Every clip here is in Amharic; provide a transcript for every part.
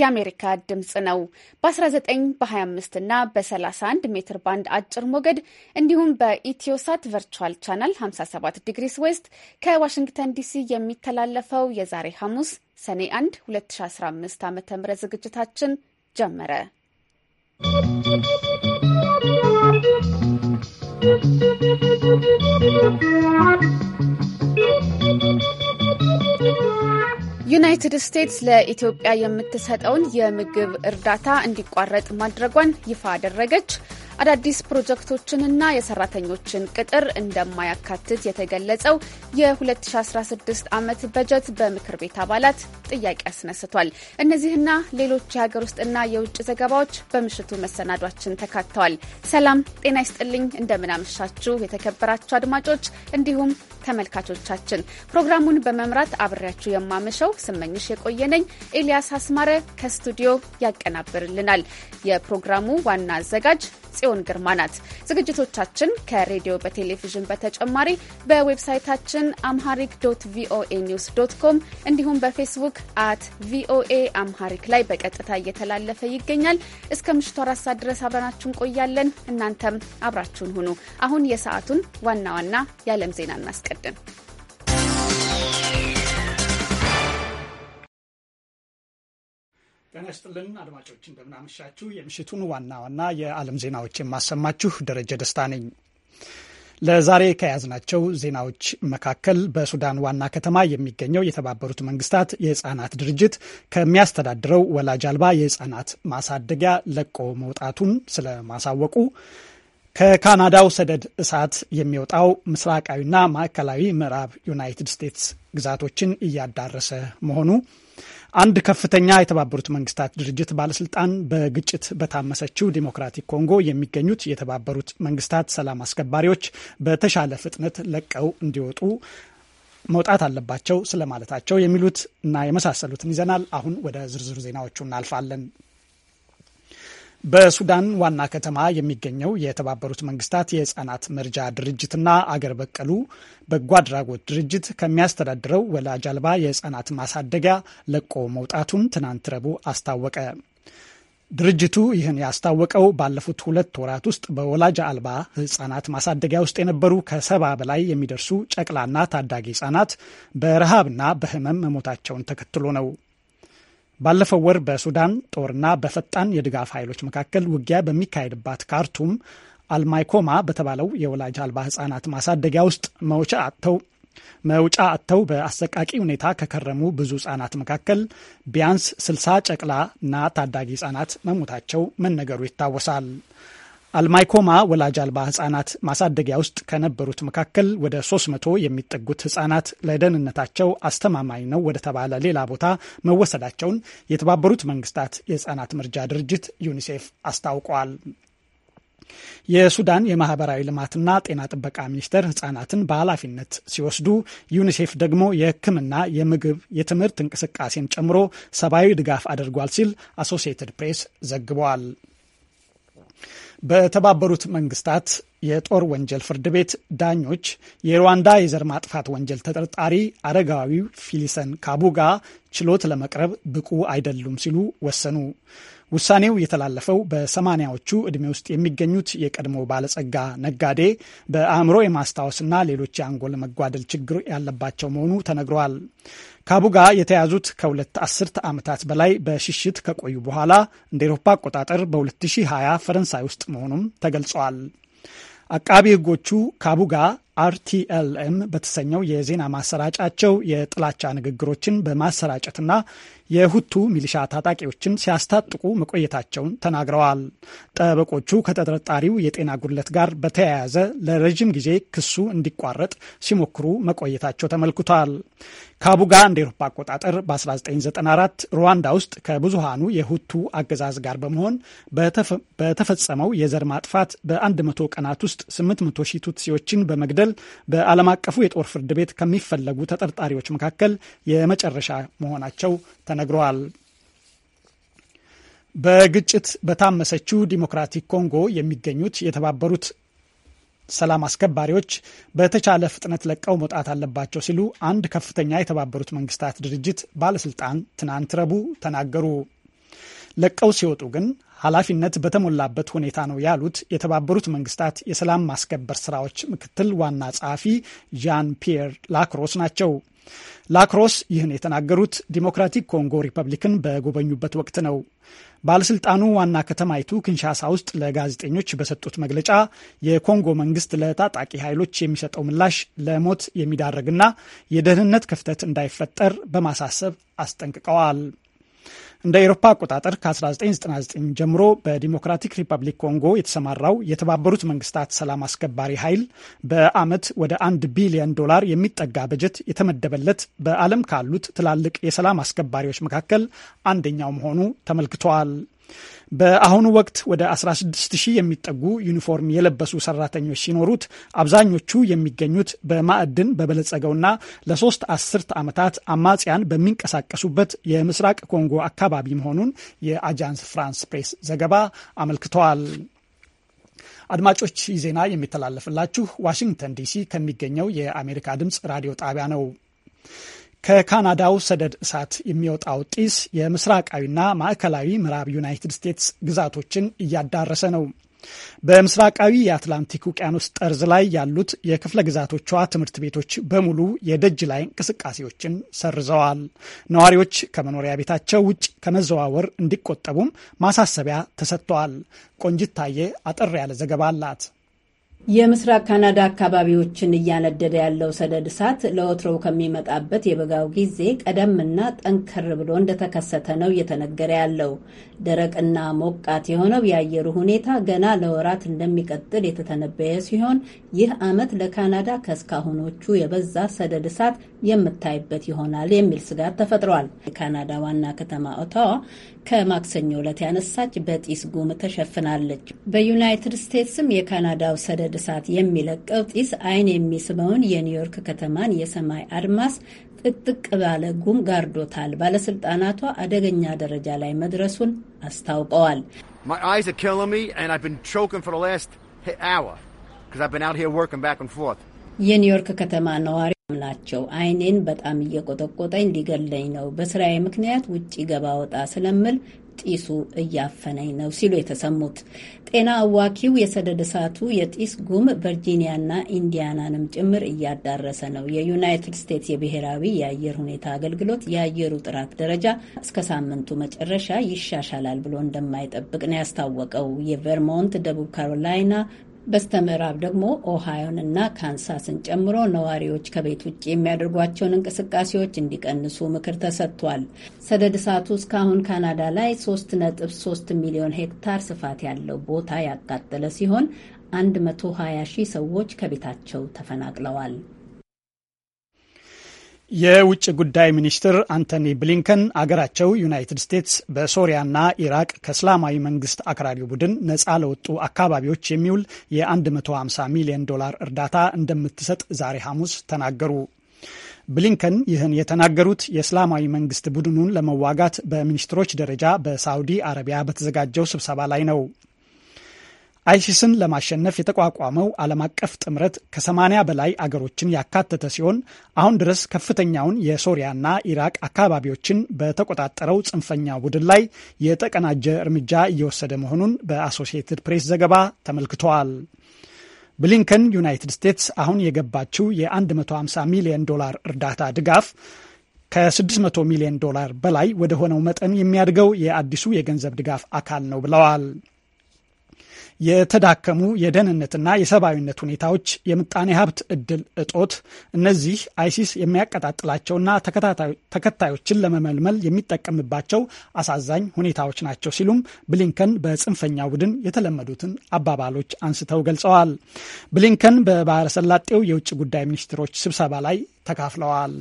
የአሜሪካ ድምፅ ነው። በ19 በ25 እና በ31 ሜትር ባንድ አጭር ሞገድ እንዲሁም በኢትዮሳት ቨርቹዋል ቻናል 57 ዲግሪስ ዌስት ከዋሽንግተን ዲሲ የሚተላለፈው የዛሬ ሐሙስ ሰኔ 1 2015 ዓ ም ዝግጅታችን ጀመረ። ¶¶ ዩናይትድ ስቴትስ ለኢትዮጵያ የምትሰጠውን የምግብ እርዳታ እንዲቋረጥ ማድረጓን ይፋ አደረገች። አዳዲስ ፕሮጀክቶችንና የሰራተኞችን ቅጥር እንደማያካትት የተገለጸው የ2016 ዓመት በጀት በምክር ቤት አባላት ጥያቄ አስነስቷል። እነዚህና ሌሎች የሀገር ውስጥና የውጭ ዘገባዎች በምሽቱ መሰናዷችን ተካተዋል። ሰላም ጤና ይስጥልኝ። እንደምናመሻችሁ የተከበራችሁ አድማጮች እንዲሁም ተመልካቾቻችን ፕሮግራሙን በመምራት አብሬያችሁ የማመሸው ስመኝሽ የቆየነኝ። ኤልያስ አስማረ ከስቱዲዮ ያቀናብርልናል። የፕሮግራሙ ዋና አዘጋጅ ጽዮን ግርማ ናት። ዝግጅቶቻችን ከሬዲዮ በቴሌቪዥን በተጨማሪ በዌብሳይታችን አምሃሪክ ዶት ቪኦኤ ኒውስ ዶት ኮም እንዲሁም በፌስቡክ አት ቪኦኤ አምሃሪክ ላይ በቀጥታ እየተላለፈ ይገኛል። እስከ ምሽቱ አራት ሰዓት ድረስ አብረናችሁ እንቆያለን። እናንተም አብራችሁን ሁኑ። አሁን የሰዓቱን ዋና ዋና የዓለም ዜና እናስቀድም። ጤና ይስጥልን አድማጮች፣ እንደምናመሻችሁ። የምሽቱን ዋና ዋና የዓለም ዜናዎች የማሰማችሁ ደረጀ ደስታ ነኝ። ለዛሬ ከያዝናቸው ዜናዎች መካከል በሱዳን ዋና ከተማ የሚገኘው የተባበሩት መንግስታት የህፃናት ድርጅት ከሚያስተዳድረው ወላጅ አልባ የህፃናት ማሳደጊያ ለቆ መውጣቱን ስለማሳወቁ ከካናዳው ሰደድ እሳት የሚወጣው ምስራቃዊና ማዕከላዊ ምዕራብ ዩናይትድ ስቴትስ ግዛቶችን እያዳረሰ መሆኑ አንድ ከፍተኛ የተባበሩት መንግስታት ድርጅት ባለስልጣን በግጭት በታመሰችው ዲሞክራቲክ ኮንጎ የሚገኙት የተባበሩት መንግስታት ሰላም አስከባሪዎች በተሻለ ፍጥነት ለቀው እንዲወጡ መውጣት አለባቸው ስለማለታቸው የሚሉት እና የመሳሰሉትን ይዘናል። አሁን ወደ ዝርዝር ዜናዎቹ እናልፋለን። በሱዳን ዋና ከተማ የሚገኘው የተባበሩት መንግስታት የህጻናት መርጃ ድርጅትና አገር በቀሉ በጎ አድራጎት ድርጅት ከሚያስተዳድረው ወላጅ አልባ የህጻናት ማሳደጊያ ለቆ መውጣቱን ትናንት ረቡዕ አስታወቀ። ድርጅቱ ይህን ያስታወቀው ባለፉት ሁለት ወራት ውስጥ በወላጅ አልባ ህጻናት ማሳደጊያ ውስጥ የነበሩ ከሰባ በላይ የሚደርሱ ጨቅላና ታዳጊ ህጻናት በረሃብና በህመም መሞታቸውን ተከትሎ ነው። ባለፈው ወር በሱዳን ጦርና በፈጣን የድጋፍ ኃይሎች መካከል ውጊያ በሚካሄድባት ካርቱም አልማይኮማ በተባለው የወላጅ አልባ ህጻናት ማሳደጊያ ውስጥ መውጫ አጥተው መውጫ አጥተው በአሰቃቂ ሁኔታ ከከረሙ ብዙ ህጻናት መካከል ቢያንስ ስልሳ ጨቅላ እና ታዳጊ ህጻናት መሞታቸው መነገሩ ይታወሳል። አልማይኮማ ወላጅ አልባ ህጻናት ማሳደጊያ ውስጥ ከነበሩት መካከል ወደ 300 የሚጠጉት ህጻናት ለደህንነታቸው አስተማማኝ ነው ወደ ተባለ ሌላ ቦታ መወሰዳቸውን የተባበሩት መንግስታት የህጻናት መርጃ ድርጅት ዩኒሴፍ አስታውቋል። የሱዳን የማህበራዊ ልማትና ጤና ጥበቃ ሚኒስቴር ህጻናትን በኃላፊነት ሲወስዱ ዩኒሴፍ ደግሞ የህክምና፣ የምግብ፣ የትምህርት እንቅስቃሴን ጨምሮ ሰብአዊ ድጋፍ አድርጓል ሲል አሶሲየትድ ፕሬስ ዘግቧል። በተባበሩት መንግስታት የጦር ወንጀል ፍርድ ቤት ዳኞች የሩዋንዳ የዘር ማጥፋት ወንጀል ተጠርጣሪ አረጋዊው ፊሊሰን ካቡጋ ችሎት ለመቅረብ ብቁ አይደሉም ሲሉ ወሰኑ። ውሳኔው የተላለፈው በሰማኒያዎቹ ዕድሜ ውስጥ የሚገኙት የቀድሞ ባለጸጋ ነጋዴ በአእምሮ የማስታወስና ሌሎች የአንጎል መጓደል ችግር ያለባቸው መሆኑ ተነግሯል። ካቡጋ የተያዙት ከሁለት አስርት ዓመታት በላይ በሽሽት ከቆዩ በኋላ እንደ ኤሮፓ አቆጣጠር በ2020 ፈረንሳይ ውስጥ መሆኑም ተገልጿል። አቃቢ ሕጎቹ ካቡጋ አርቲኤልኤም በተሰኘው የዜና ማሰራጫቸው የጥላቻ ንግግሮችን በማሰራጨትና የሁቱ ሚሊሻ ታጣቂዎችን ሲያስታጥቁ መቆየታቸውን ተናግረዋል። ጠበቆቹ ከተጠርጣሪው የጤና ጉድለት ጋር በተያያዘ ለረዥም ጊዜ ክሱ እንዲቋረጥ ሲሞክሩ መቆየታቸው ተመልክቷል። ካቡጋ እንደ ኤሮፓ አቆጣጠር በ1994 ሩዋንዳ ውስጥ ከብዙሃኑ የሁቱ አገዛዝ ጋር በመሆን በተፈጸመው የዘር ማጥፋት በ100 ቀናት ውስጥ 800 ሺህ ቱትሲዎችን በመግደል በዓለም አቀፉ የጦር ፍርድ ቤት ከሚፈለጉ ተጠርጣሪዎች መካከል የመጨረሻ መሆናቸው ተነግረዋል። በግጭት በታመሰችው ዲሞክራቲክ ኮንጎ የሚገኙት የተባበሩት ሰላም አስከባሪዎች በተቻለ ፍጥነት ለቀው መውጣት አለባቸው ሲሉ አንድ ከፍተኛ የተባበሩት መንግስታት ድርጅት ባለስልጣን ትናንት ረቡዕ ተናገሩ። ለቀው ሲወጡ ግን ኃላፊነት በተሞላበት ሁኔታ ነው ያሉት የተባበሩት መንግስታት የሰላም ማስከበር ስራዎች ምክትል ዋና ጸሐፊ ዣን ፒየር ላክሮስ ናቸው። ላክሮስ ይህን የተናገሩት ዲሞክራቲክ ኮንጎ ሪፐብሊክን በጎበኙበት ወቅት ነው። ባለስልጣኑ ዋና ከተማይቱ ክንሻሳ ውስጥ ለጋዜጠኞች በሰጡት መግለጫ የኮንጎ መንግስት ለታጣቂ ኃይሎች የሚሰጠው ምላሽ ለሞት የሚዳርግና የደህንነት ክፍተት እንዳይፈጠር በማሳሰብ አስጠንቅቀዋል። እንደ ኤሮፓ አቆጣጠር ከ1999 ጀምሮ በዲሞክራቲክ ሪፐብሊክ ኮንጎ የተሰማራው የተባበሩት መንግስታት ሰላም አስከባሪ ኃይል በአመት ወደ አንድ ቢሊዮን ዶላር የሚጠጋ በጀት የተመደበለት በዓለም ካሉት ትላልቅ የሰላም አስከባሪዎች መካከል አንደኛው መሆኑ ተመልክተዋል። በአሁኑ ወቅት ወደ 16 ሺህ የሚጠጉ ዩኒፎርም የለበሱ ሰራተኞች ሲኖሩት አብዛኞቹ የሚገኙት በማዕድን በበለጸገውና ለሶስት አስርት ዓመታት አማጽያን በሚንቀሳቀሱበት የምስራቅ ኮንጎ አካባቢ መሆኑን የአጃንስ ፍራንስ ፕሬስ ዘገባ አመልክተዋል። አድማጮች ይህ ዜና የሚተላለፍላችሁ ዋሽንግተን ዲሲ ከሚገኘው የአሜሪካ ድምፅ ራዲዮ ጣቢያ ነው። ከካናዳው ሰደድ እሳት የሚወጣው ጢስ የምስራቃዊና ማዕከላዊ ምዕራብ ዩናይትድ ስቴትስ ግዛቶችን እያዳረሰ ነው። በምስራቃዊ የአትላንቲክ ውቅያኖስ ጠርዝ ላይ ያሉት የክፍለ ግዛቶቿ ትምህርት ቤቶች በሙሉ የደጅ ላይ እንቅስቃሴዎችን ሰርዘዋል። ነዋሪዎች ከመኖሪያ ቤታቸው ውጭ ከመዘዋወር እንዲቆጠቡም ማሳሰቢያ ተሰጥተዋል። ቆንጅት አጠር ያለ ዘገባ አላት። የምስራቅ ካናዳ አካባቢዎችን እያነደደ ያለው ሰደድ እሳት ለወትሮው ከሚመጣበት የበጋው ጊዜ ቀደምና ጠንከር ብሎ እንደተከሰተ ነው እየተነገረ ያለው። ደረቅና ሞቃት የሆነው የአየሩ ሁኔታ ገና ለወራት እንደሚቀጥል የተተነበየ ሲሆን ይህ ዓመት ለካናዳ ከእስካሁኖቹ የበዛ ሰደድ እሳት የምታይበት ይሆናል የሚል ስጋት ተፈጥሯል። የካናዳ ዋና ከተማ ኦታዋ ከማክሰኞ ዕለት ያነሳች በጢስ ጉም ተሸፍናለች። በዩናይትድ ስቴትስም የካናዳው ሰደድ እሳት የሚለቀው ጢስ ዓይን የሚስበውን የኒውዮርክ ከተማን የሰማይ አድማስ ጥቅጥቅ ባለ ጉም ጋርዶታል። ባለስልጣናቷ አደገኛ ደረጃ ላይ መድረሱን አስታውቀዋል። የኒውዮርክ ከተማ ነዋሪ ላቸው አይኔን በጣም እየቆጠቆጠኝ ሊገለኝ ነው። በስራዬ ምክንያት ውጭ ገባ ወጣ ስለምል ጢሱ እያፈነኝ ነው ሲሉ የተሰሙት ጤና አዋኪው የሰደድ እሳቱ የጢስ ጉም ቨርጂኒያና ኢንዲያናንም ጭምር እያዳረሰ ነው። የዩናይትድ ስቴትስ የብሔራዊ የአየር ሁኔታ አገልግሎት የአየሩ ጥራት ደረጃ እስከ ሳምንቱ መጨረሻ ይሻሻላል ብሎ እንደማይጠብቅ ነው ያስታወቀው። የቨርሞንት፣ ደቡብ ካሮላይና፣ በስተምዕራብ ደግሞ ኦሃዮን እና ካንሳስን ጨምሮ ነዋሪዎች ከቤት ውጭ የሚያደርጓቸውን እንቅስቃሴዎች እንዲቀንሱ ምክር ተሰጥቷል። ሰደድ እሳቱ እስካሁን ካናዳ ላይ 3.3 ሚሊዮን ሄክታር ስፋት ያለው ቦታ ያቃጠለ ሲሆን 120 ሺህ ሰዎች ከቤታቸው ተፈናቅለዋል። የውጭ ጉዳይ ሚኒስትር አንቶኒ ብሊንከን አገራቸው ዩናይትድ ስቴትስ በሶሪያና ኢራቅ ከእስላማዊ መንግስት አክራሪ ቡድን ነፃ ለወጡ አካባቢዎች የሚውል የ150 ሚሊዮን ዶላር እርዳታ እንደምትሰጥ ዛሬ ሐሙስ ተናገሩ። ብሊንከን ይህን የተናገሩት የእስላማዊ መንግስት ቡድኑን ለመዋጋት በሚኒስትሮች ደረጃ በሳውዲ አረቢያ በተዘጋጀው ስብሰባ ላይ ነው። አይሲስን ለማሸነፍ የተቋቋመው ዓለም አቀፍ ጥምረት ከ80 በላይ አገሮችን ያካተተ ሲሆን አሁን ድረስ ከፍተኛውን የሶሪያና ኢራቅ አካባቢዎችን በተቆጣጠረው ጽንፈኛ ቡድን ላይ የተቀናጀ እርምጃ እየወሰደ መሆኑን በአሶሲየትድ ፕሬስ ዘገባ ተመልክተዋል። ብሊንከን ዩናይትድ ስቴትስ አሁን የገባችው የ150 ሚሊዮን ዶላር እርዳታ ድጋፍ ከ600 ሚሊዮን ዶላር በላይ ወደ ሆነው መጠን የሚያድገው የአዲሱ የገንዘብ ድጋፍ አካል ነው ብለዋል። የተዳከሙ የደህንነትና የሰብአዊነት ሁኔታዎች፣ የምጣኔ ሀብት እድል እጦት፣ እነዚህ አይሲስ የሚያቀጣጥላቸውና ተከታዮችን ለመመልመል የሚጠቀምባቸው አሳዛኝ ሁኔታዎች ናቸው ሲሉም ብሊንከን በጽንፈኛ ቡድን የተለመዱትን አባባሎች አንስተው ገልጸዋል። ብሊንከን በባህረ ሰላጤው የውጭ ጉዳይ ሚኒስትሮች ስብሰባ ላይ ተካፍለዋል።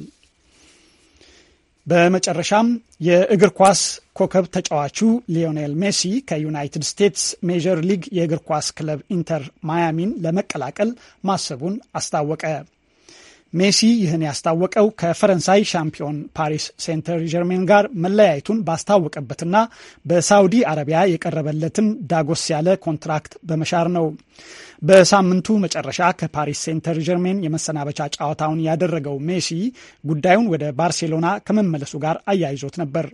በመጨረሻም የእግር ኳስ ኮከብ ተጫዋቹ ሊዮኔል ሜሲ ከዩናይትድ ስቴትስ ሜጀር ሊግ የእግር ኳስ ክለብ ኢንተር ማያሚን ለመቀላቀል ማሰቡን አስታወቀ። ሜሲ ይህን ያስታወቀው ከፈረንሳይ ሻምፒዮን ፓሪስ ሴንተር ጀርሜን ጋር መለያየቱን ባስታወቀበትና በሳውዲ አረቢያ የቀረበለትን ዳጎስ ያለ ኮንትራክት በመሻር ነው። በሳምንቱ መጨረሻ ከፓሪስ ሴንተር ጀርሜን የመሰናበቻ ጨዋታውን ያደረገው ሜሲ ጉዳዩን ወደ ባርሴሎና ከመመለሱ ጋር አያይዞት ነበር።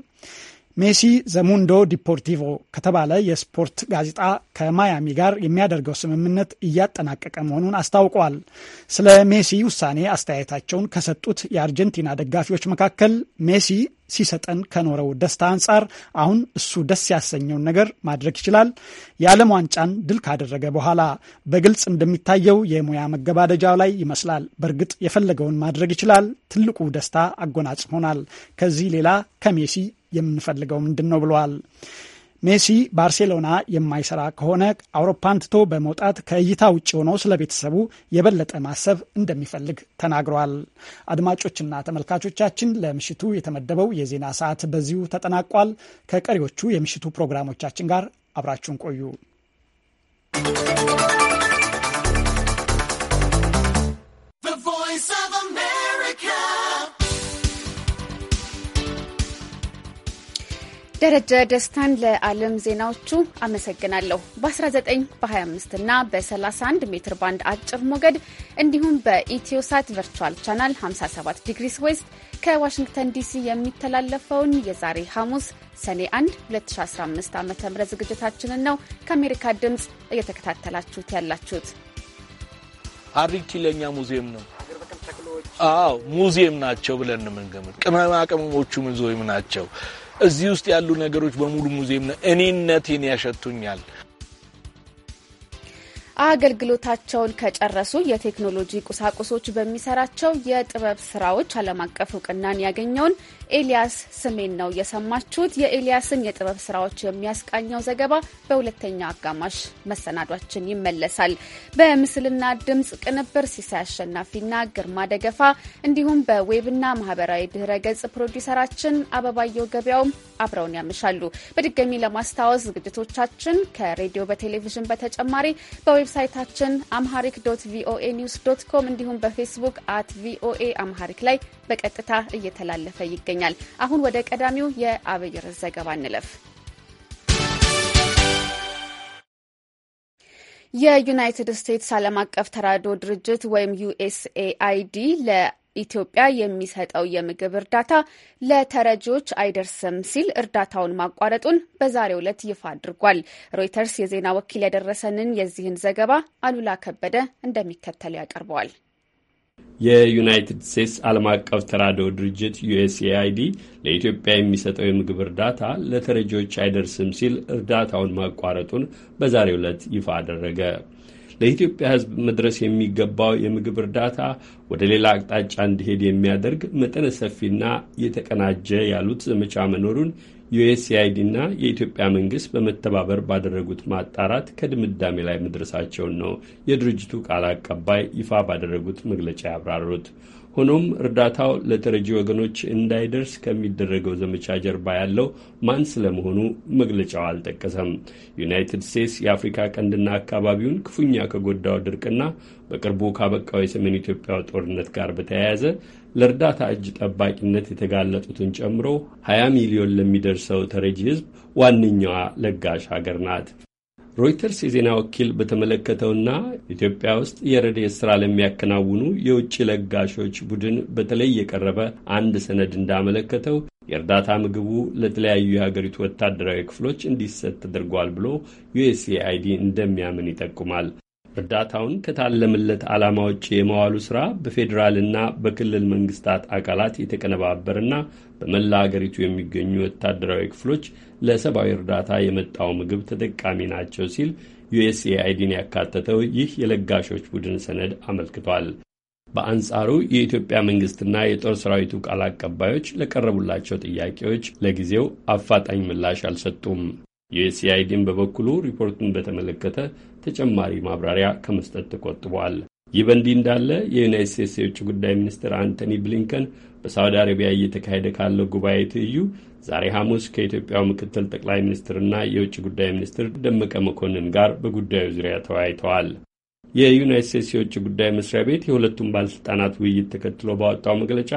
ሜሲ ዘሙንዶ ዲፖርቲቮ ከተባለ የስፖርት ጋዜጣ ከማያሚ ጋር የሚያደርገው ስምምነት እያጠናቀቀ መሆኑን አስታውቋል። ስለ ሜሲ ውሳኔ አስተያየታቸውን ከሰጡት የአርጀንቲና ደጋፊዎች መካከል ሜሲ ሲሰጠን ከኖረው ደስታ አንጻር አሁን እሱ ደስ ያሰኘውን ነገር ማድረግ ይችላል። የዓለም ዋንጫን ድል ካደረገ በኋላ በግልጽ እንደሚታየው የሙያ መገባደጃው ላይ ይመስላል። በእርግጥ የፈለገውን ማድረግ ይችላል። ትልቁ ደስታ አጎናጽፎናል። ከዚህ ሌላ ከሜሲ የምንፈልገው ምንድን ነው ብለዋል። ሜሲ ባርሴሎና የማይሰራ ከሆነ አውሮፓን ትቶ በመውጣት ከእይታ ውጭ ሆኖ ስለ ቤተሰቡ የበለጠ ማሰብ እንደሚፈልግ ተናግረዋል። አድማጮችና ተመልካቾቻችን ለምሽቱ የተመደበው የዜና ሰዓት በዚሁ ተጠናቋል። ከቀሪዎቹ የምሽቱ ፕሮግራሞቻችን ጋር አብራችሁን ቆዩ። ደረጀ ደስታን ለዓለም ዜናዎቹ አመሰግናለሁ። በ19 በ25 እና በ31 ሜትር ባንድ አጭር ሞገድ እንዲሁም በኢትዮሳት ቨርቹዋል ቻናል 57 ዲግሪስ ዌስት ከዋሽንግተን ዲሲ የሚተላለፈውን የዛሬ ሐሙስ ሰኔ 1 2015 ዓ ም ዝግጅታችንን ነው ከአሜሪካ ድምፅ እየተከታተላችሁት ያላችሁት። ሀሪቲ ለእኛ ሙዚየም ነው። አዎ ሙዚየም ናቸው ብለን ምንገምት ቅመማ ቅመሞቹ ምዞይም ናቸው። እዚህ ውስጥ ያሉ ነገሮች በሙሉ ሙዚየም ነው። እኔነቴን ያሸቱኛል። አገልግሎታቸውን ከጨረሱ የቴክኖሎጂ ቁሳቁሶች በሚሰራቸው የጥበብ ስራዎች ዓለም አቀፍ እውቅናን ያገኘውን ኤልያስ ስሜን ነው የሰማችሁት። የኤልያስን የጥበብ ስራዎች የሚያስቃኘው ዘገባ በሁለተኛው አጋማሽ መሰናዷችን ይመለሳል። በምስልና ድምፅ ቅንብር ሲሳይ አሸናፊና ግርማ ደገፋ እንዲሁም በዌብና ማህበራዊ ድህረ ገጽ ፕሮዲውሰራችን አበባየው ገበያውም አብረውን ያመሻሉ። በድጋሚ ለማስታወስ ዝግጅቶቻችን ከሬዲዮ በቴሌቪዥን በተጨማሪ በዌብሳይታችን አምሃሪክ ዶት ቪኦኤ ኒውስ ዶት ኮም እንዲሁም በፌስቡክ አት ቪኦኤ አምሃሪክ ላይ በቀጥታ እየተላለፈ ይገኛል። ይገኛል። አሁን ወደ ቀዳሚው የአብይ ዘገባ እንለፍ። የዩናይትድ ስቴትስ ዓለም አቀፍ ተራድኦ ድርጅት ወይም ዩኤስኤአይዲ ለኢትዮጵያ የሚሰጠው የምግብ እርዳታ ለተረጂዎች አይደርስም ሲል እርዳታውን ማቋረጡን በዛሬው ዕለት ይፋ አድርጓል። ሮይተርስ የዜና ወኪል ያደረሰንን የዚህን ዘገባ አሉላ ከበደ እንደሚከተሉ ያቀርበዋል። የዩናይትድ ስቴትስ ዓለም አቀፍ ተራድኦ ድርጅት ዩኤስኤአይዲ ለኢትዮጵያ የሚሰጠው የምግብ እርዳታ ለተረጂዎች አይደርስም ሲል እርዳታውን ማቋረጡን በዛሬው ዕለት ይፋ አደረገ። ለኢትዮጵያ ሕዝብ መድረስ የሚገባው የምግብ እርዳታ ወደ ሌላ አቅጣጫ እንዲሄድ የሚያደርግ መጠነ ሰፊና የተቀናጀ ያሉት ዘመቻ መኖሩን ዩኤስኤአይዲና የኢትዮጵያ መንግስት በመተባበር ባደረጉት ማጣራት ከድምዳሜ ላይ መድረሳቸውን ነው የድርጅቱ ቃል አቀባይ ይፋ ባደረጉት መግለጫ ያብራሩት። ሆኖም እርዳታው ለተረጂ ወገኖች እንዳይደርስ ከሚደረገው ዘመቻ ጀርባ ያለው ማን ስለመሆኑ መግለጫው አልጠቀሰም። ዩናይትድ ስቴትስ የአፍሪካ ቀንድና አካባቢውን ክፉኛ ከጎዳው ድርቅና በቅርቡ ካበቃው የሰሜን ኢትዮጵያ ጦርነት ጋር በተያያዘ ለእርዳታ እጅ ጠባቂነት የተጋለጡትን ጨምሮ 20 ሚሊዮን ለሚደርሰው ተረጂ ህዝብ ዋነኛዋ ለጋሽ ሀገር ናት። ሮይተርስ የዜና ወኪል በተመለከተውና ኢትዮጵያ ውስጥ የረድኤት ሥራ ለሚያከናውኑ የውጭ ለጋሾች ቡድን በተለይ የቀረበ አንድ ሰነድ እንዳመለከተው የእርዳታ ምግቡ ለተለያዩ የሀገሪቱ ወታደራዊ ክፍሎች እንዲሰጥ ተደርጓል ብሎ ዩኤስኤአይዲ እንደሚያምን ይጠቁማል። እርዳታውን ከታለመለት ዓላማ ውጭ የመዋሉ ሥራ በፌዴራልና በክልል መንግስታት አካላት የተቀነባበረና በመላ አገሪቱ የሚገኙ ወታደራዊ ክፍሎች ለሰብአዊ እርዳታ የመጣው ምግብ ተጠቃሚ ናቸው ሲል ዩኤስኤአይዲን ያካተተው ይህ የለጋሾች ቡድን ሰነድ አመልክቷል። በአንጻሩ የኢትዮጵያ መንግስትና የጦር ሰራዊቱ ቃል አቀባዮች ለቀረቡላቸው ጥያቄዎች ለጊዜው አፋጣኝ ምላሽ አልሰጡም። ዩኤስኤአይዲን በበኩሉ ሪፖርቱን በተመለከተ ተጨማሪ ማብራሪያ ከመስጠት ተቆጥቧል። ይህ በእንዲህ እንዳለ የዩናይት ስቴትስ የውጭ ጉዳይ ሚኒስትር አንቶኒ ብሊንከን በሳውዲ አረቢያ እየተካሄደ ካለው ጉባኤ ትይዩ ዛሬ ሐሙስ ከኢትዮጵያው ምክትል ጠቅላይ ሚኒስትርና የውጭ ጉዳይ ሚኒስትር ደመቀ መኮንን ጋር በጉዳዩ ዙሪያ ተወያይተዋል። የዩናይት ስቴትስ የውጭ ጉዳይ መስሪያ ቤት የሁለቱም ባለሥልጣናት ውይይት ተከትሎ ባወጣው መግለጫ